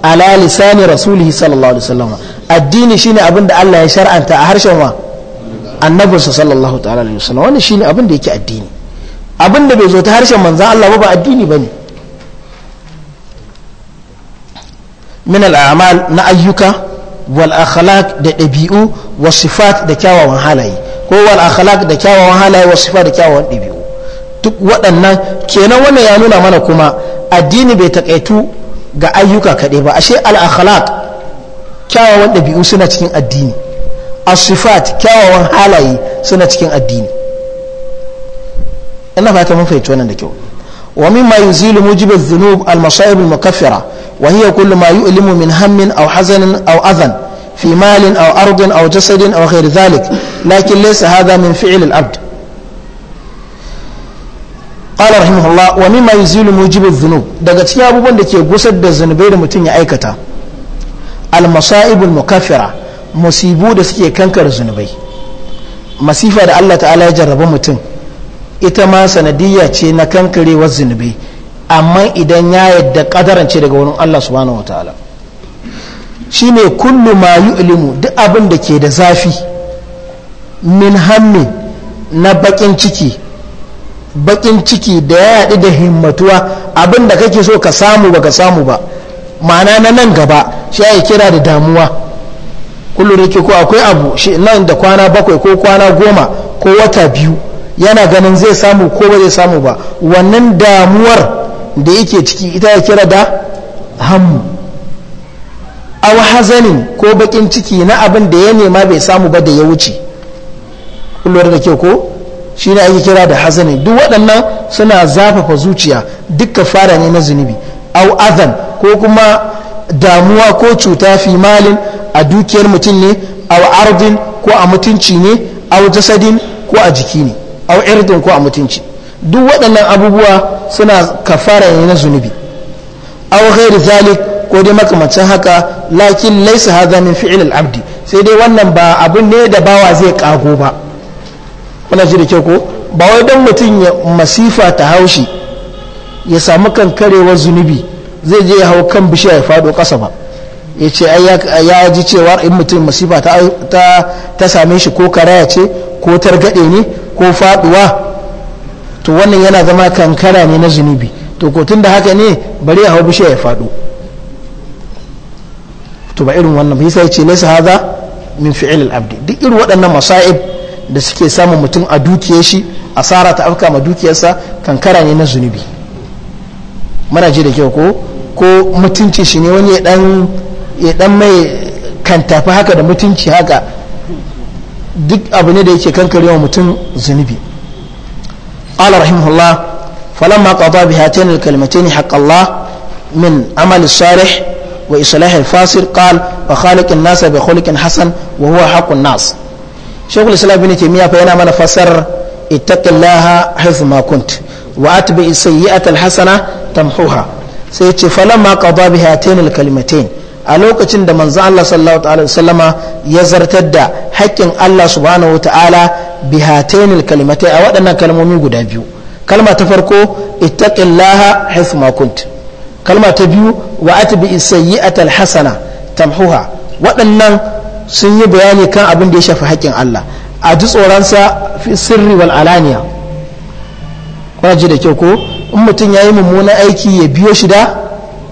Speaker 1: ala lisani rasulihi sallallahu alaihi wasallam addini shine abin da Allah ya shar'anta a harshen wa annabinsa sallallahu ta'ala alaihi wasallam wannan shine abin da yake addini abin da bai zo ta harshen manzan Allah ba ba addini bane min al'amal na ayyuka wal akhlaq da ɗabi'u wa sifat da kyawawan halaye ko wal akhlaq da kyawawan halaye wa sifat da kyawawan ɗabi'u duk waɗannan kenan wannan ya nuna mana kuma addini bai takaitu ga ayyuka kaɗai ba ashe al akhlaq kyawawan ɗabi'u suna cikin addini asifat kyawawan halaye suna cikin addini ina fata mun fahimci wannan da kyau wa mimma yuzilu mujibu dhunub al masa'ib al mukaffira wa hiya kullu ma yu'limu min hammin aw hazanin aw adhan fi malin aw ardin aw jasadin aw ghayr dhalik lakin laysa hadha min fi'l al abd qala rahimahullah wa mimma yuzilu mujibu dhunub daga cikin abubuwan da ke gusar da zunubai da mutum ya aikata almasa'ibul mukaffira musibu da suke kankar zunubai masifa da Allah ta'ala ya jarraba mutum ita ma sanadiyya ce na kankarewar zunubai amma idan ya yadda kadarance daga wurin Allah subhanahu wataala shine kullu ma yu'limu duk abin da ke da zafi min hammi na bakin ciki bakin ciki da ya yadi da himmatuwa abin da kake so ka samu baka samu ba ma'ana na nan gaba shi ya kira da damuwa kullum da ke ko akwai abu shi nan da kwana bakwai ko kwana goma ko wata biyu yana ganin zai samu ko ba zai samu ba wannan damuwar da yake ciki ita ya kira da hammu aw hazanin ko bakin ciki na abin da ya nema bai samu ba da ya wuce kullum da ke ko shi ne ake kira da hazani duk waɗannan suna zafafa zuciya duka fara ne na zunubi au azan ko kuma damuwa ko cuta fi malin a dukiyar mutum ne au ardin ko a mutunci ne au jasadin ko a jiki ne au irdin ko a mutunci duk waɗannan abubuwa suna kafara ne na zunubi au ghairi zalik ko dai makamancin haka lakin laisa hadha min fi'l al-abdi sai dai wannan ba abin ne da bawa zai kago ba kuna ji da kyau ko ba wai don mutum ya masifa ta haushi ya samu kankarewar zunubi zai je ya hau kan bishiya ya fado kasa ba ya ce ya ji cewa in mutum masifa ta same shi ko karaya ce ko targaɗe ne ko faduwa to wannan yana zama kankara ne na zunubi to ko tun da haka ne bari ya hau bishiya ya fado to ba irin wannan ba sai ce laysa haza min fi'il al-abdi duk irin waɗannan masa'ib da suke samun mutum a dukiyar shi asara ta afka ma dukiyarsa kankara ne na zunubi muna ji da kyau ko ko mutunci shi ne wani ya dan mai kan tafi haka da mutunci haka duk abu ne da yake kankare wa mutum zunubi qala rahimahullah falamma qada bi hatain al kalimatayn haqq min amal salih wa islah al fasir qal wa khaliq an nas bi khuliqin hasan wa huwa haqq nas shaykh al islam ibn taymiya fa yana mana fasar ittaqillaha haythu ma kunt wa atbi sayyi'ata al hasana tamhuha sai ce falamma qada bi hatain al kalimatain a lokacin da manzo Allah sallallahu ta'ala wasallama ya zartar da haƙƙin Allah subhanahu wa ta'ala bi hatain al a waɗannan kalmomi guda biyu kalma ta farko ittaqillaha hithma kunt kalma ta biyu wa atbi al hasana tamhuha waɗannan sun yi bayani kan abin da ya shafi haƙƙin Allah a ji tsoronsa fi sirri wal alaniya kuna ji da kyau ko in mutum ya yi mummunan aiki ya biyo shi da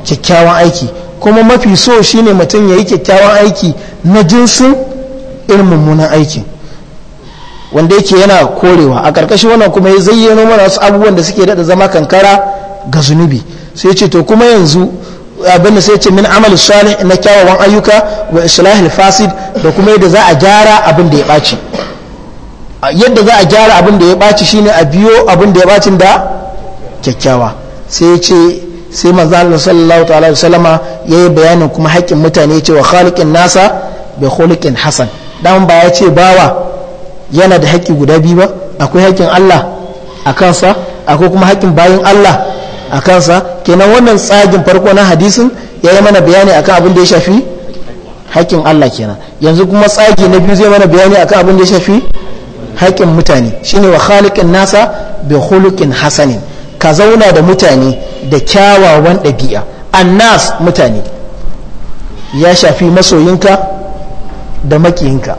Speaker 1: kyakkyawan aiki kuma mafi so shi ne mutum ya yi kyakkyawan aiki na jinsin irin mummunan aiki. wanda yake yana korewa a ƙarƙashin wannan kuma ya zayyano mana wasu abubuwan da suke daɗa zama kankara ga zunubi sai ce to kuma yanzu abinda sai ce min amal salih na kyawawan ayyuka wa islahil fasid da kuma yadda za a gyara abin da ya ɓaci yadda za a gyara abin da ya ɓaci shine a biyo abin da ya ɓacin da kyakkyawa sai ya ce sai manzo sallallahu ta'ala alaihi wasallama yayi bayanin kuma haƙƙin mutane ce wa khaliqin nasa bi khuliqin hasan dan ba ya ce bawa yana da haƙƙi guda biyu ba akwai haƙƙin Allah a kansa akwai kuma haƙƙin bayin Allah a kansa kenan wannan tsagin farko na hadisin ya yi mana bayani akan abin da ya shafi haƙƙin Allah kenan yanzu kuma tsagi na biyu zai mana bayani akan abin da ya shafi haƙƙin mutane shine wa khaliqin nasa bi khuluqin hasanin ka zauna da mutane da kyawawan ɗabi'a annas mutane ya shafi masoyinka da makiyinka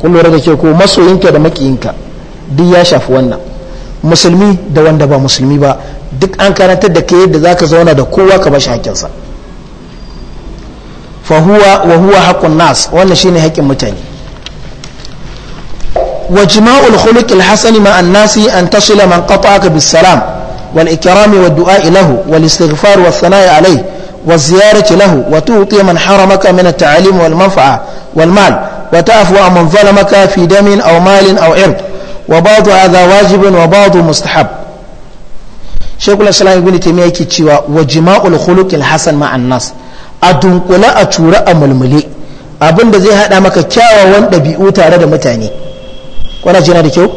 Speaker 1: kullum da ke ko masoyinka da makiyinka duk ya shafi wannan musulmi da wanda ba musulmi ba duk an karantar da ke yadda za ka zauna da kowa ka bashi haƙƙinsa fahuwa wa huwa haƙƙun nas wannan shine haƙƙin mutane وجماع الخلق الحسن مع الناس أن تصل من قطعك بالسلام والإكرام والدعاء له والاستغفار والثناء عليه والزيارة له وتعطي من حرمك من التعليم والمنفعة والمال وتعفو عن من ظلمك في دم أو مال أو عرض وبعض هذا واجب وبعض مستحب شيخ الإسلام ابن تيمية كتشوا وجماع الخلق الحسن مع الناس أدنقل أتورا ململي abin da zai hada maka kyawawan ɗabi'u tare da mutane kwanar jina da kyau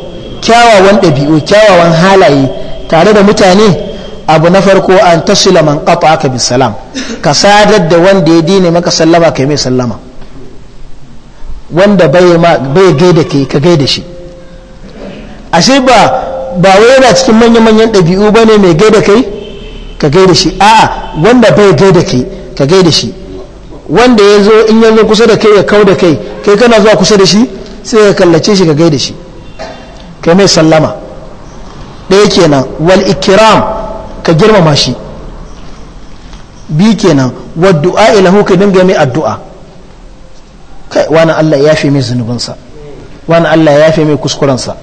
Speaker 1: kyawawan ɗabi'u kyawawan halaye tare da mutane abu na farko an tasila man kafa aka bi salam ka sadar da wanda ya dine maka sallama ka yi mai sallama wanda bai gaida ke ka gaida shi ashe ba ba wai yana cikin manya-manyan ɗabi'u ba ne mai gaida kai ka gaida shi a'a wanda bai gaida ke ka gaida shi wanda ya zo in yanzu kusa da kai ya kau da kai kai kana zuwa kusa da shi sai ka kallace shi ka gaida shi kai mai sallama ɗaya kenan wal ikiram ka girmama shi bi kenan wad du'a ilahu ka dinga mai addu'a kai wani Allah ya fi mai zunubinsa wani Allah ya fi mai kuskurensa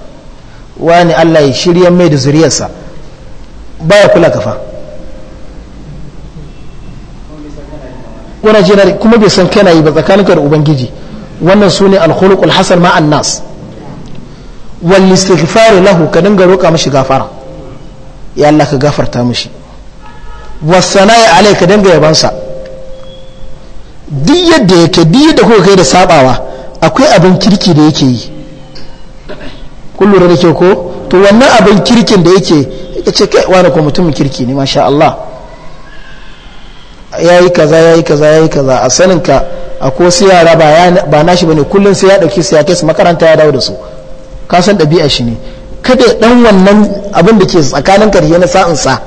Speaker 1: wani Allah ya shirya mai da zuriyarsa baya kula kafa kuma bai san kana yi ba tsakanin da ubangiji wannan sune ne khuluqul hasan ma nas wal istighfar lahu ka dinga roƙa mashi gafara ya Allah ka gafarta mishi wasana'i alai ka dinga yabansa duk yadda yake duk yadda kuka kai da sabawa akwai abin kirki da yake yi kun lura da ke ko to wannan abin kirkin da yake ya ce kai wani ko mutumin kirki ne masha Allah ya yi kaza ya yi kaza ya yi kaza a saninka a ko su yara ba nashi bane kullum sai ya dauki su ya kai su makaranta ya dawo da su ka san ɗabi'a shi ne kada ya dan wannan abin da ke tsakanin karshe na sainsa sa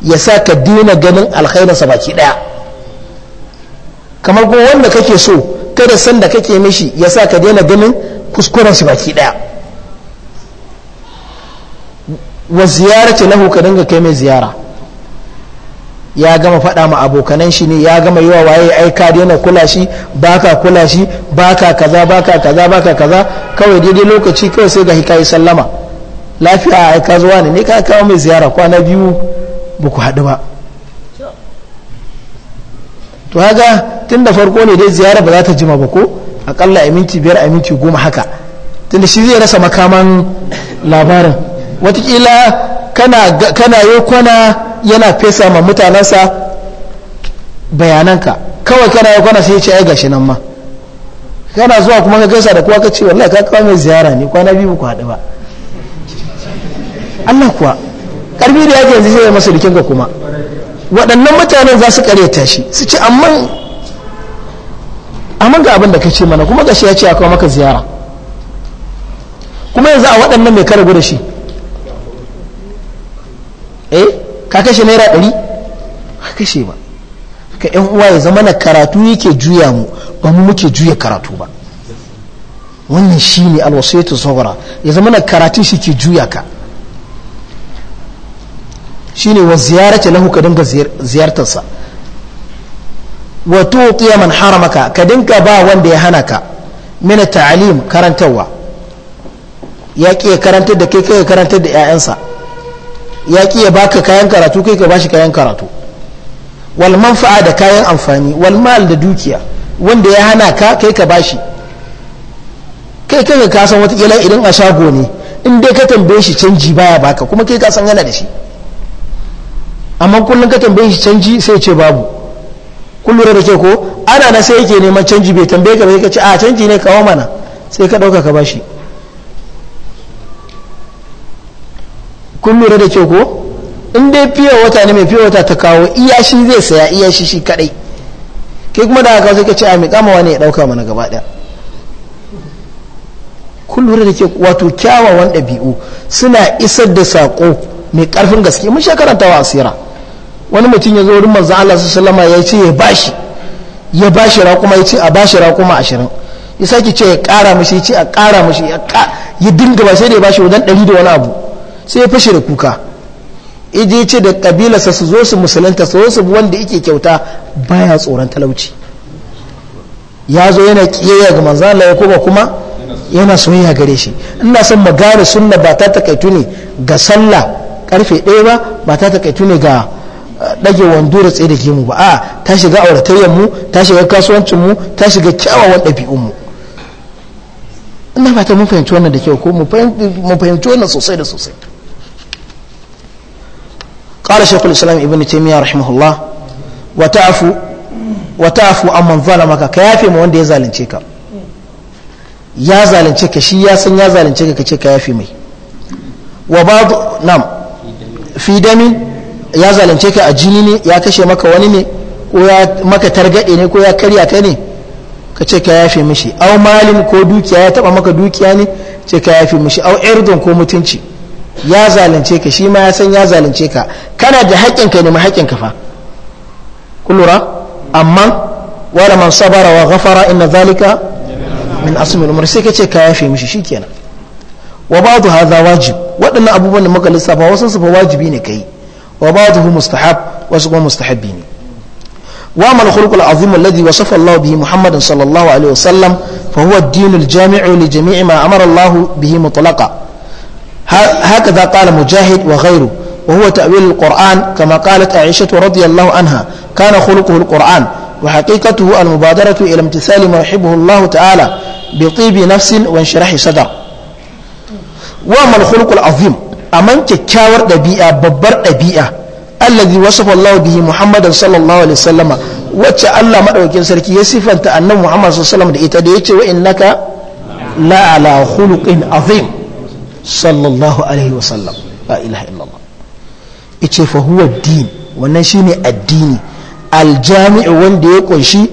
Speaker 1: ya sa ka daina ganin alkhairin sa baki daya kamar ko wanda kake so kada san da kake mishi ya sa ka daina ganin kuskuren shi baki ɗaya wa ziyarati lahu ka dinga kai mai ziyara ya gama faɗa ma abokanan shi ne ya gama yi wa waye ai ka daina kula shi baka kula shi baka kaza baka kaza baka kaza kawai daidai lokaci kawai sai ga hikayi sallama lafiya ai ka zuwa ne ne ka kawo mai ziyara kwana biyu ba ku haɗu ba to haka tun da farko ne dai ziyara ba za ta jima ba ko akalla a minti biyar a minti goma haka da shi zai rasa makaman labarin watakila kana kana yi kwana yana fesa ma mutanensa bayananka kawai kana ya kwana sai ya ce ai gashi nan ma kana zuwa kuma ka gaisa da kuwa ka ce wallahi ka kawo mai ziyara ne kwana biyu ku haɗu ba Allah kuwa ƙarfi da yake yanzu zai masa rikinka kuma waɗannan mutanen za su karyata shi su ce amman amman ga abin da ka ce mana kuma gashi ya ce ya kawai maka ziyara kuma yanzu a waɗannan mai karagu da shi eh ka kashe naira ɗari ka kashe ba ka yan uwa ya zama na karatu yake juya mu ba mu muke juya karatu ba wannan shi ne alwasaitu sabara ya zama na karatu shi ke juya ka shi ne wa ziyarata lahu ka dinga ziyartarsa wato man haramaka ka dinga ba wanda ya hana ka mina ta'alim karantarwa ya ke karantar da kai kai karantar da 'ya'yansa ya ƙi ya baka kayan karatu kai ka bashi kayan karatu wal manfa'a da kayan amfani wal mal da dukiya wanda ya hana ka kai ka bashi kai kai ka san watakila idan a shago ne in dai ka tambaye shi canji baya baka kuma kai ka san yana da shi amma kullum ka tambaye shi canji sai ce babu kullum da ke ko ana na sai yake neman canji bai tambaye ka bai ka ce a canji ne kawo mana sai ka ɗauka ka bashi kun lura da ke ko in dai fiye wata ne mai fiye wata ta kawo iya shi zai saya iya shi shi kadai kai kuma da haka sai ka ce a mai kama wani ya ɗauka mana gaba daya kun lura da ke wato kyawawan ɗabi'u suna isar da saƙo mai ƙarfin gaske mun sha karantawa asira wani mutum ya zo wurin manzo Allah sallama ya ce ya bashi ya bashi ra kuma ya ce a bashi ra kuma ashirin ya sake ce ya ƙara mashi ya ce a ƙara mashi ya dinga ba sai da ya bashi wajen ɗari da wani abu sai ya fashe da kuka iji ce da kabilarsa su zo su musulunta su zo wanda yake kyauta baya tsoron talauci ya zo yana kiyayya ga manzan ya kuma kuma yana soyayya gare shi ina son magana gane sunna ba ta takaitu ne ga sallah karfe ɗaya ba ba ta takaitu ne ga eh, ɗage wando da tsaye da gemu ba a ta shiga auratayyar mu ta shiga kasuwancin mu ta shiga kyawawan ɗabi'un mu ina ta mun fahimci wannan da kyau ko mu fahimci wannan sosai da sosai قال شيخ الإسلام ابن تيمية رحمه الله وتعفو وتعفو أمن ظلمك كافي موان دي زالن تيكا يا زالن تيكا شي يا سن يا زالن تيكا كتي كيافي مي وبعض نعم في دمي يا زالن تيكا أجيني يا كشي مكا ونيني ويا مكا ترقيني ويا كريا كني ka ce ka yafe mishi au malin ko dukiya ya taba maka dukiya ne ce ka yafe mishi au irdon ko mutunci ya zalunce ka shi ma ya san ya zalunce ka kana da haƙƙin ka ne ma haƙƙin ka fa kullura amma wala man sabara wa ghafara inna zalika min asmi umar sai ka ce ka yafe mishi shikenan wa ba'du hadha wajib waɗannan abubuwan da muka lissafa wasu su fa wajibi ne kai wa ba'duhu mustahab wasu kuma mustahabbi ne وأما الخلق العظيم الذي وصف الله به محمد صلى الله عليه وسلم فهو الدين الجامع لجميع ما أمر الله به مطلقا هكذا قال مجاهد وغيره وهو تأويل القرآن كما قالت عائشة رضي الله عنها كان خلقه القرآن وحقيقته المبادرة إلى امتثال ما يحبه الله تعالى بطيب نفس وانشراح صدر وما الخلق العظيم أمن تكاور دبيئة ببر دبيئة الذي وصف الله به محمد صلى الله عليه وسلم وجه الله مدوكين سركي يصف أنت أن محمد صلى الله عليه وسلم دئت دئت وإنك لا على خلق عظيم sallallahu alaihi wasallam la ilaha illallah ice fa huwa din wannan shine addini aljami'u wanda ya kunshi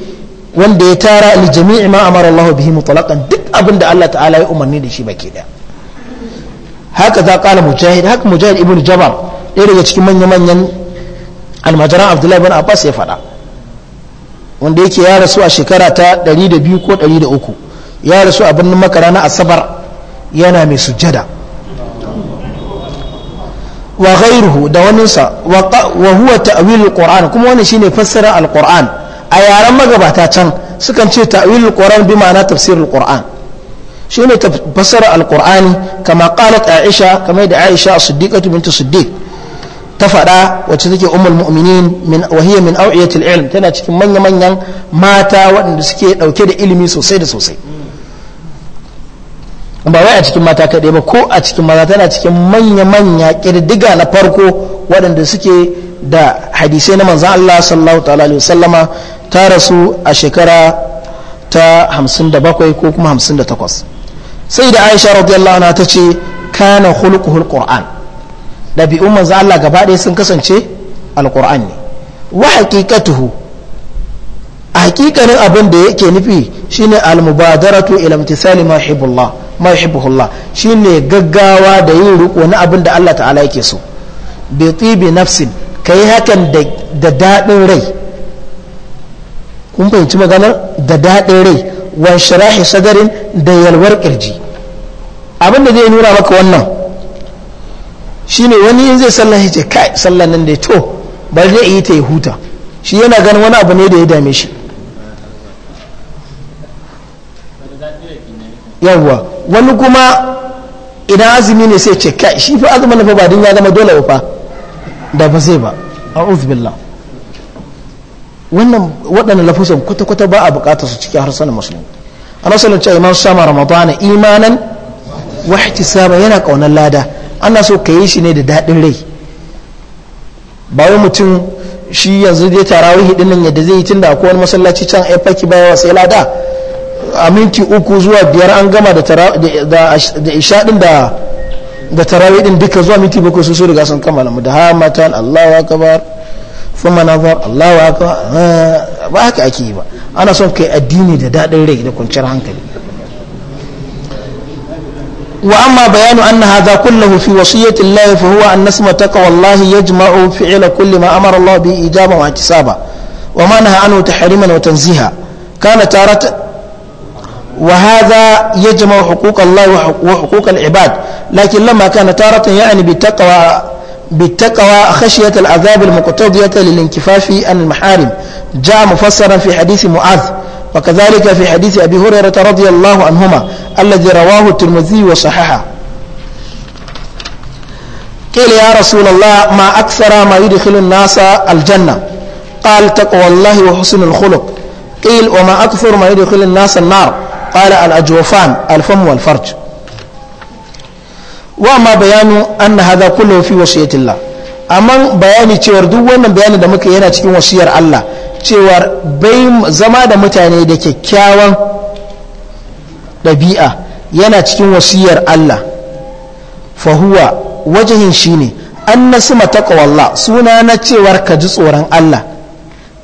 Speaker 1: wanda ya tara aljami'i ma amara Allah bihi mutlaqan duk abinda Allah ta'ala ya umarni da shi baki da. haka za kala mujahid haka mujahid ibn jabal ɗaya daga cikin manya-manyan almajiran abdullahi bin abbas ya faɗa wanda yake ya rasu a shekara ta 102 ko 103 ya rasu a birnin makara na asabar yana mai sujada wa ghairuhu da waninsa wa huwa ta'wilul qur'an kuma wannan shine fassara alquran a yaran magabata can sukan ce ta'wilul qur'an bi ma'ana tafsirul qur'an shine fassara alqur'ani kama qalat aisha kama da aisha as-siddiqatu bint siddiq ta faɗa wacce take ummul mu'minin min wahiya min awiyatil ilm tana cikin manya manyan mata waɗanda suke ɗauke da ilimi sosai da sosai ba wai a cikin mata kaɗai ba ko a cikin maza tana cikin manya-manya ƙirdiga na farko waɗanda suke da hadisai na manzan Allah sallallahu ta'ala alaihi ta rasu a shekara ta 57 ko kuma 58 sai da Aisha radiyallahu anha ta ce kana khuluquhul qur'an ɗabi'un manzan Allah gaba ɗaya sun kasance alqur'an ne wa haqiqatuhu haƙiƙanin abin da yake nufi shine al-mubadaratu ila imtisali ma hibullah ma yuhibbuhullah shine gaggawa da yin riko na abin da Allah ta'ala yake so bi tibi nafsin kai hakan da dadin rai kun fahimci maganar da dadin rai wa sharahi sadarin da yalwar kirji abin da zai nuna maka wannan shine wani in zai sallah ya kai sallan nan dai to bari zai yi ta ya huta shi yana ganin wani abu ne da ya dame shi yawwa wani kuma idan azumi ne sai ce kai shi fa azumin fa ba din ya zama dole fa da ba sai ba a'udhu billah wannan lafusan kwata-kwata ba a buƙatar su cikin harsunan musulmi Allah sallallahu alaihi wasallam sama ramadana imanan wa saba yana kaunar lada ana so ka yi shi ne da daɗin rai ba wai mutum shi yanzu dai tarawihi din nan yadda zai yi tunda akwai wani masallaci can ai faki baya sai lada a minti uku zuwa biyar an gama da ishaɗin da da tarawih din duka zuwa minti bakwai su su riga sun kammala mu da hamatan Allahu akbar thumma nazar Allahu akbar eh, ba haka ake yi ba ana son kai addini da dadin rai da kwanciyar hankali wa amma bayanu anna hadha kulluhu fi wasiyyati Allah fa huwa an nasma taqwallahi yajma'u fi'la kulli ma amara Allah bi ijaba wa ihtisaba wa ma nahaa anhu tahriman wa tanziha kana taratan وهذا يجمع حقوق الله وحقوق العباد لكن لما كان تارة يعني بالتقوى بالتقوى خشية العذاب المقتضية للانكفاف عن المحارم جاء مفسرا في حديث معاذ وكذلك في حديث أبي هريرة رضي الله عنهما الذي رواه الترمذي وصححه قيل يا رسول الله ما أكثر ما يدخل الناس الجنة قال تقوى الله وحسن الخلق قيل وما أكثر ما يدخل الناس النار قال الأجوفان الفم والفرج وما بيان أن هذا كله في وصية الله amma bayani cewar duk wannan bayanin da muka yana cikin wasiyar Allah cewar bai zama da mutane da kyakkyawan ɗabi'a yana cikin wasiyar Allah fahuwa wajihin shine an na sima taƙawalla suna na cewar ka ji tsoron Allah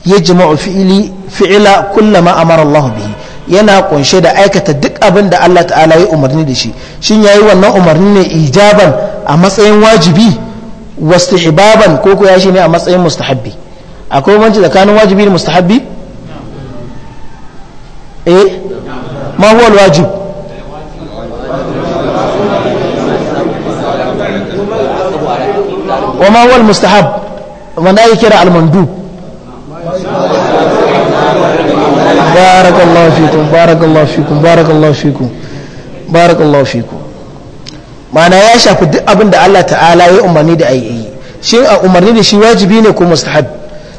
Speaker 1: ya jima'u fi'ila kullama amara Allah bihi yana kunshe da aikata duk abin da Allah ta'ala ya umarni da shi ya yi wannan umarni ne ijaban a matsayin wajibi wastihbaban ko ko yashi ne a matsayin mustahabbi akwai banci tsakanin wajibi da mustahabbi eh ma huwa wa ma mustahab wanda yake kira almandu. barakallahu fikum barakallahu fikum barakallahu fikum barakallahu fikum ma'ana ya shafi duk abinda da Allah ta'ala ya umarni da ayi shi a umarni da shi wajibi ne ko mustahab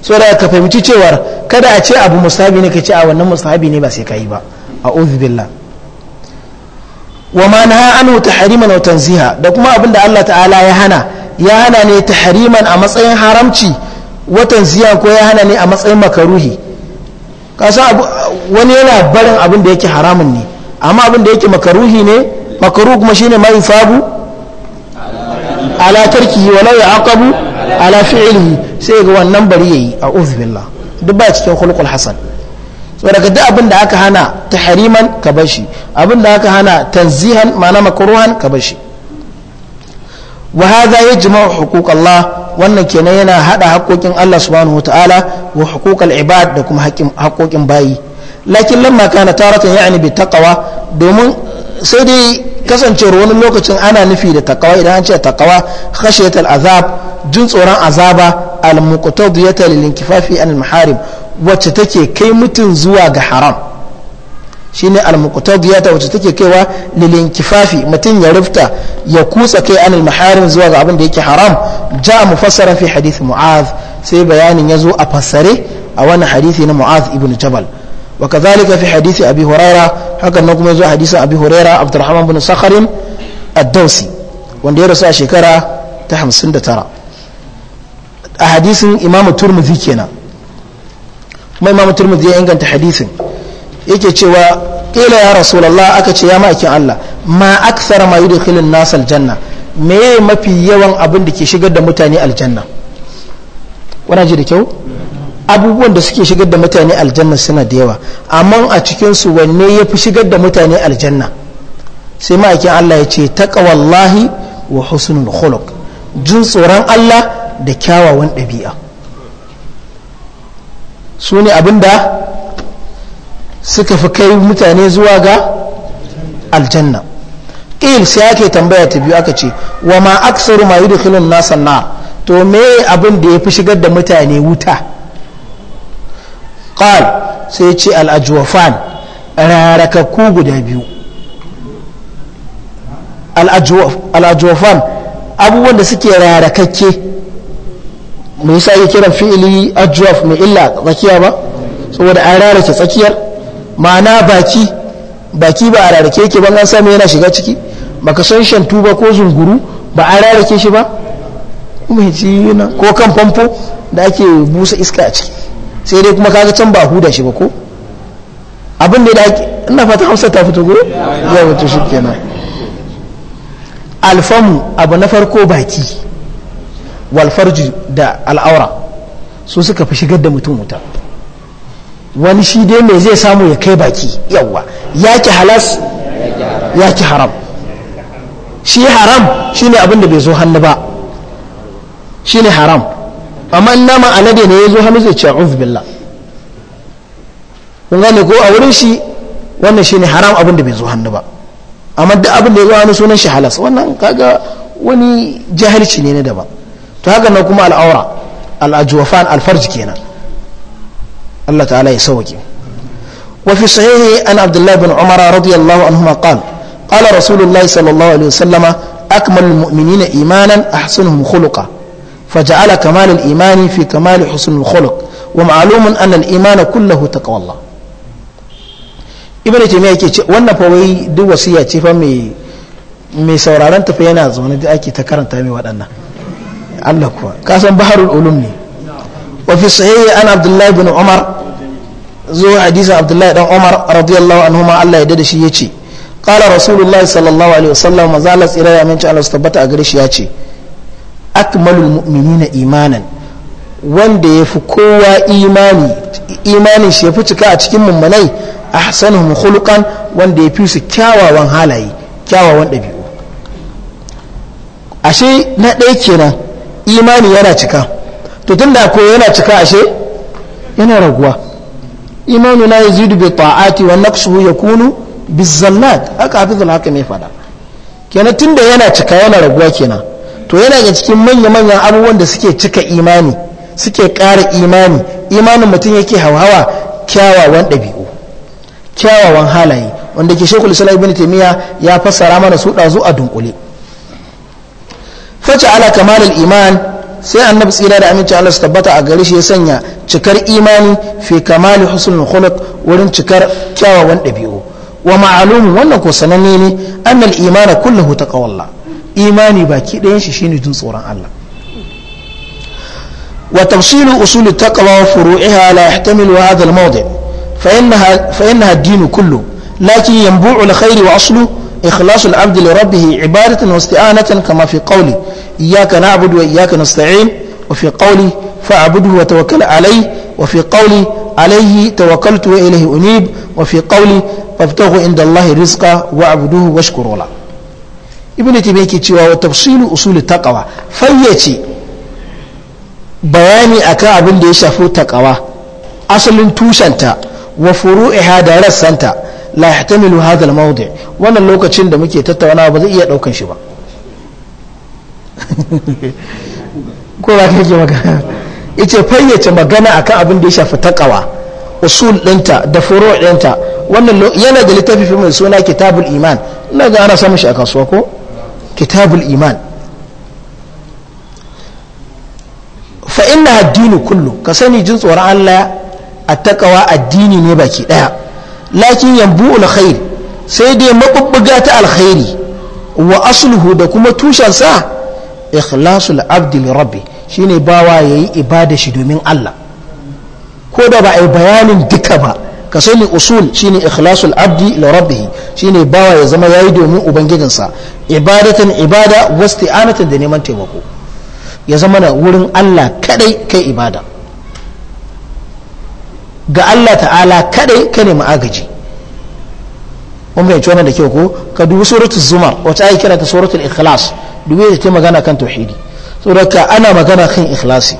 Speaker 1: da ka fahimci cewar kada a ce abu mustahabi ne ka ce a wannan mustahabi ne ba sai ka yi ba a'udhu billah wa ma naha anhu tahriman wa da kuma abinda Allah ta'ala ya hana ya hana ne tahriman a matsayin haramci watan ko ya hana ne a matsayin makaruhi kasa wani yana barin abin da yake haramun ne amma abin da yake makaruhi ne makaruhu kuma shine ma yusabu ala tarkihi wa la aqabu ala fi'lihi sai ga wannan bari yayi a billah duk ba cikin khulqul hasan saboda duk abin da aka hana tahriman ka bashi abin da aka hana tanzihan ma'ana makruhan ka bashi wa hadha yajma'u huquq Allah wannan kenan yana hada haƙoƙin Allah subhanahu wataala wa huquqal ibad da kuma haƙoƙin bayi lakin lamma kana taratan ya'ni bi taqwa domin sai dai kasancewar wani lokacin ana nufi da taqwa idan an ce taqwa khashiyatal azab jin tsoron azaba al muqtadiyata lil inkifafi an al maharim wacce take kai mutun zuwa ga haram shine al ta wacce take kaiwa lilin kifafi mutum ya rufta ya kusa kai anil maharin zuwa ga abin da yake haram ja mufassara fi hadith mu'az sai bayanin yazo a fassare a wani hadisi na mu'az ibn jabal wa kadhalika fi hadisi abi huraira haka nan kuma yazo hadisin abi huraira abdurrahman bin sakharin ad-dawsi wanda ya rasu a shekara ta 59 a hadisin imamu turmudi kenan kuma imamu turmudi ya inganta hadisin yake cewa kila ya rasulullah aka ce ya ma'aikin Allah ma akthar ma yudkhilun nas aljanna me mafi yawan abin da ke shigar da mutane aljanna wana ji da kyau abubuwan da suke shigar da mutane aljanna suna da yawa amma a cikin su wanne ya fi shigar da mutane aljanna sai ma'aikin Allah ya ce taqwallahi wa husnul khuluq jin tsoron Allah da kyawawan ɗabi'a su ne abin da suka fi kai mutane zuwa ga aljanna ƙil sai ake tambaya ta biyu aka ce wa ma aksaru ma yudkhilun nasan na to me abin da ya fi shigar da mutane wuta qal sai ce al ajwafan rarakakku guda biyu al ajwafan abubuwan da suke rarakakke me yasa ya kiran fi'ili ajwaf mai illa tsakiya ba saboda an rarake tsakiyar ma'ana baki baki ba a rarrake yake ban an sami yana shiga ciki baka san shantu ba ko zunguru ba a rarrake shi ba mai yana ko kan famfo da ake busa iska a ciki sai dai kuma kaga can ba huda shi ba ko abin da ake ina fata hausa ta fito ko ya wato shi kenan alfamu abu na farko baki walfarji da al'aura su suka fi shigar da mutum wuta wani shi dai mai zai samu ya kai baki yawwa ya ki halas ya ki haram shi haram shine abin da bai zo hannu ba shine haram amma nama alade ne ya zo hannu zai ce a'udhu billah kun gane ko a wurin shi wannan shine haram abin da bai zo hannu ba amma duk abin da ya zo hannu sunan shi halas wannan kaga wani jahilci ne na daban to haka na kuma al'aura al'ajwafan alfarji kenan Allah ta'ala ya sauke وفي صحيح أن عبد الله بن عمر رضي الله عنهما قال قال رسول الله صلى الله عليه وسلم أكمل المؤمنين إيمانا أحسنهم خلقا فجعل كمال الإيمان في كمال حسن الخلق ومعلوم أن الإيمان كله تقوى الله ibn taymiya yake ce wannan fa wai duk wasiya ce fa mai mai sauraron ta fa yana zaune da ake ta karanta mai waɗannan Allah kuwa kasan baharul ulum ne wa ana sahihi abdullahi bin umar zo hadisin abdullahi dan umar radiyallahu anhuma Allah ya dada shi ce, qala rasulullahi sallallahu alaihi wasallam manzo Allah tsira ya mince Allah tabbata a ce, shi yace akmalul mu'minina wanda ya fi kowa imanin shi ya fi cika a cikin mummunai ahsanuhum muhulukan wanda ya fi su kyawawan halaye kyawawan ɗabi'u ashe na ɗaya kenan imani yana cika to tunda ko yana cika ashe yana raguwa imanu na yazidu bi ta'ati wa naqsuhu yakunu bizallat haka hafizul haka ya fada kenan tunda yana cika yana raguwa kenan to yana ga cikin manya manyan abubuwan da suke cika imani suke ƙara imani imanin mutum yake hauhawa kyawawan ɗabi'u kyawawan halaye wanda ke shekul islam ibn taimiyya ya fassara mana su ɗazu a dunkule faca ala kamalul iman sai annabi tsira da aminci Allah su tabbata a gare shi ya sanya cikar imani fi kamali husnul khuluq wurin cikar kyawawan ɗabi'u wa ma'alumu wannan ko sananne ne annal imana kulluhu taqawalla imani baki ɗayan shi shine jin tsoron Allah wa tafsilu usul taqwa wa furu'iha la yahtamilu hadha al-mawdi' fa innaha fa innaha ad-din kullu lakin yanbu'u al-khayr wa asluhu إخلاص العبد لربه عبادة واستعانة كما في قولي إياك نعبد وإياك نستعين وفي قولي فاعبده وتوكل عليه وفي قولي عليه توكلت وإليه أنيب وفي قولي فابتغوا عند الله رزقا واعبدوه واشكروا له ibn tabiya ke cewa wa tafsilu usul taqwa fayyace bayani akan abin da ya shafi taqwa asalin tushenta wa furu'iha da rassanta la yahtamilu hadha al-mawdi wannan lokacin da muke tattaunawa ba zai iya daukan shi ba *laughs* ko ba kake magana yace fayyace magana akan abin da ya shafi takawa usul ɗinta da furu ɗinta wannan yana da littafi mai suna kitabul iman ina ga ana samun shi a kasuwa ko kitabul iman fa inna addini kullu ka sani jin tsoron Allah a takawa addini ne baki daya lakin yambu alkhair sai dai mabubbuga ta alkhairi wa asluhu da kuma tushensa ikhlasul abdi li rabbi shine bawa yayi ibada shi domin Allah ko da ba ai bayanin duka ba ka sani usul shine ikhlasul abdi li rabbi shine bawa ya zama yayi domin ubangijinsa ibadatan ibada wasti'anatan da neman taimako ya zama na wurin Allah kadai kai ibada ga Allah ta'ala kadai ka nemi agaji mun bai wannan da kyau ko ka dubi suratul zumar wata ayi kira ta suratul ikhlas dubi ta magana kan tauhidi saboda ana magana kan ikhlasi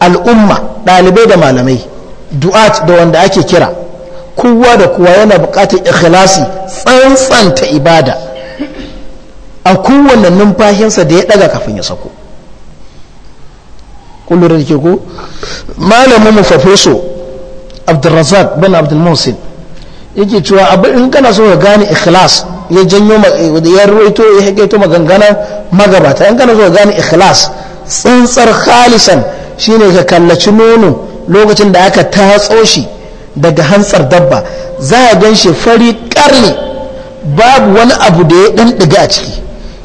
Speaker 1: al'umma dalibai da malamai du'at da wanda ake kira kowa da kowa yana buƙatar ikhlasi tsantsanta ibada a kowanne numfashinsa da ya daga kafin ya sako kullum da ke ko malamin mu fafeso abdulrazak bin abdulmusin yake cewa abin in kana so ka gane ikhlas ya janyo ya ruwaito ya hakaito maganganar magabata in kana so ka gane ikhlas tsantsar khalisan shine ka kallaci nono lokacin da aka tatso shi daga hantsar dabba za a gan shi fari karni babu wani abu da ya ɗan ɗiga a ciki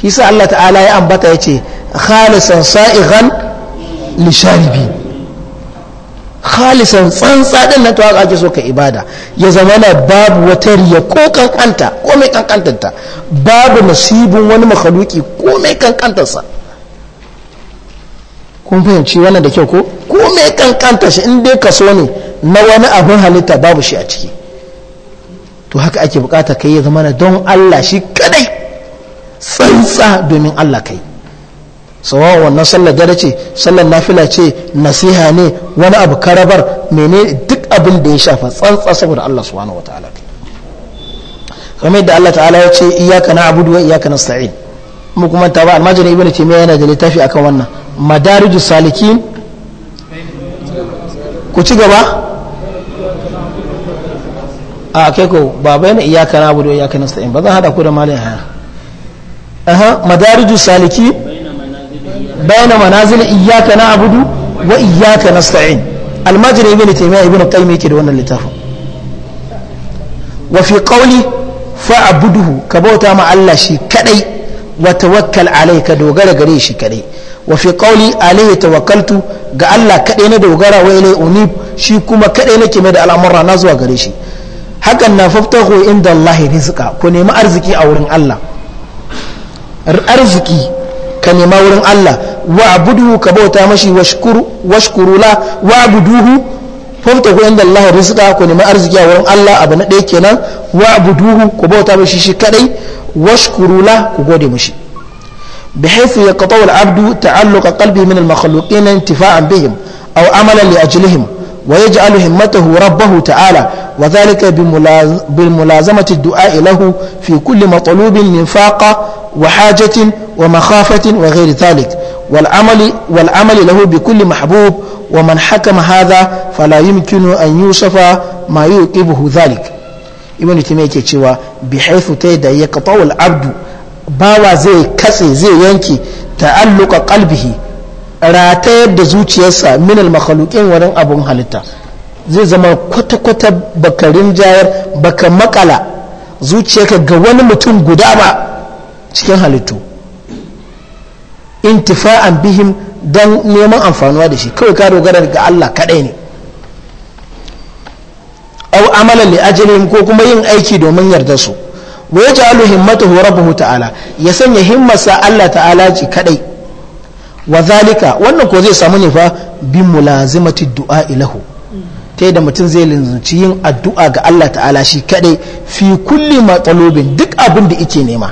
Speaker 1: shi sa Allah ta'ala ya ambata ya ce khalisan sa'igan lisharibi khalisan tsantsa ɗin nan tawaka ake so ka ibada ya zama na babu wata riya ko kankanta ko mai kankantarta babu nasibin wani makhaluki ko mai kankantarsa kun fahimci wannan da kyau ko ko mai kankanta shi in dai kaso ne na wani abin halitta babu shi a ciki to haka ake bukata kai ya zama na don Allah shi kadai tsantsa domin Allah kai sawa wannan sallar gada ce sallar nafila ce nasiha ne wani abu karabar mene duk abin da ya shafa tsantsa saboda Allah subhanahu wataala kuma yadda Allah ta'ala ya ce na abudu wa iyyaka sa'in mu kuma ta ba almajiri ibn taymiya yana da littafi akan wannan madariju salikin ku ci gaba a kai ko ba bayan iyyaka na'budu wa na sa'in ba zan hada ku da malin haya aha madariju salikin bayana manazil iyyaka na'budu wa iyyaka nasta'in almajiri ibn taymiya ibn qayyim yake da wannan littafin wa fi qawli fa'buduhu ka bauta ma Allah shi kadai wa tawakkal alai ka dogara gare shi kadai wa fi qawli alayhi tawakkaltu ga Allah kadai na dogara wa ilai unib shi kuma kadai nake mai da al'amura na zuwa gare shi hakan na faftahu inda Allah rizqa ku nemi arziki a wurin Allah arziki ka nema wurin Allah wa abuduhu ka bauta mashi washkuru la wa abuduhu fahimta ku inda Allah rizqa ku nema arziki a wurin Allah abu na ɗaya kenan wa abuduhu ku bauta mashi shi kadai washkuru la ku gode mashi bi haifu ya kaɓa wal abdu ta'alluqa qalbi min al makhluqin intifa'an bihim aw amalan li ajlihim wa yaj'alu himmatahu rabbahu ta'ala وذلك بالملازمة الدعاء له في كل مطلوب من فاقة وحاجة ومخافة وغير ذلك والعمل, والعمل له بكل محبوب ومن حكم هذا فلا يمكن أن يوصف ما يوقبه ذلك ibn taymiya yake cewa bi haythu tayda yaqta'u al-abdu bawa zai katse zai yanke ta'alluqa qalbihi ratayar da zuciyarsa min al-makhluqin abun halitta zai zama kwata-kwata bakarin jayar baka makala zuciyarka ga wani mutum guda ba cikin halittu intifa'an bihim don neman amfanuwa da shi kawai ka dogara ga Allah kaɗai ne au amala li ajalin ko kuma yin aiki domin yarda su wa ja'alu himmatuhu rabbuhu ta'ala ya sanya himmarsa Allah ta'ala ji kadai wa zalika wannan ko zai samu ne fa bi mulazimati du'a ilahu ta yadda mutum zai linzunci yin addu'a ga Allah ta'ala shi kaɗai fi kulli matsalobin duk abin da ike nema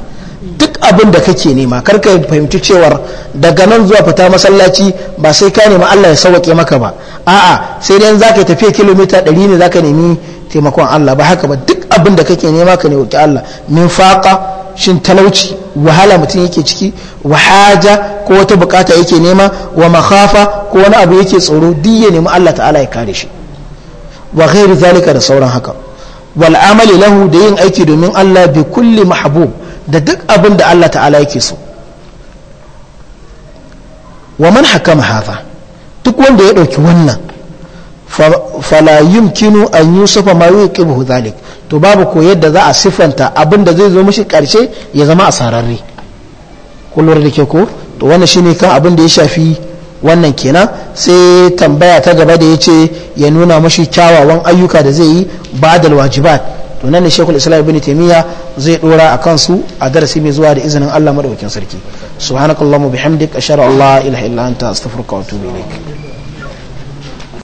Speaker 1: duk abin da kake nema karka fahimci cewar daga nan zuwa fita masallaci ba sai ka nema Allah ya sauwake maka ba a'a sai dai za ka tafiya kilomita ɗari ne za ka nemi taimakon Allah ba haka ba duk abin da kake nema ka nemi Allah min faƙa shin talauci wahala mutum yake ciki wa haja ko wata bukata yake nema wa makhafa ko wani abu yake tsoro duk ya nemi Allah ta'ala ya kare shi wa ghairu zalika da sauran haka wal amali lahu da yin aiki domin Allah bi kulli mahbub da duk abin da Allah ta'ala yake so wa man hakama hadha duk wanda ya dauki wannan fala yumkinu an yusufa ma yuqibuhu zalik to babu ko yadda za a sifanta abin da zai zo mishi karshe ya zama asararre kun lura da ke ko to wannan shine kan abin da ya shafi wannan kenan sai tambaya ta gaba da ya ce ya nuna mashi kyawawan ayyuka da zai yi ba da wajibat to nan ne shekul islam ibn taimiyya zai dora a kansu a darasi mai zuwa da izinin allah maɗaukin sarki subhanakallahumma bihamdik ashhadu an la ilaha illa anta astaghfiruka wa atubu ilaik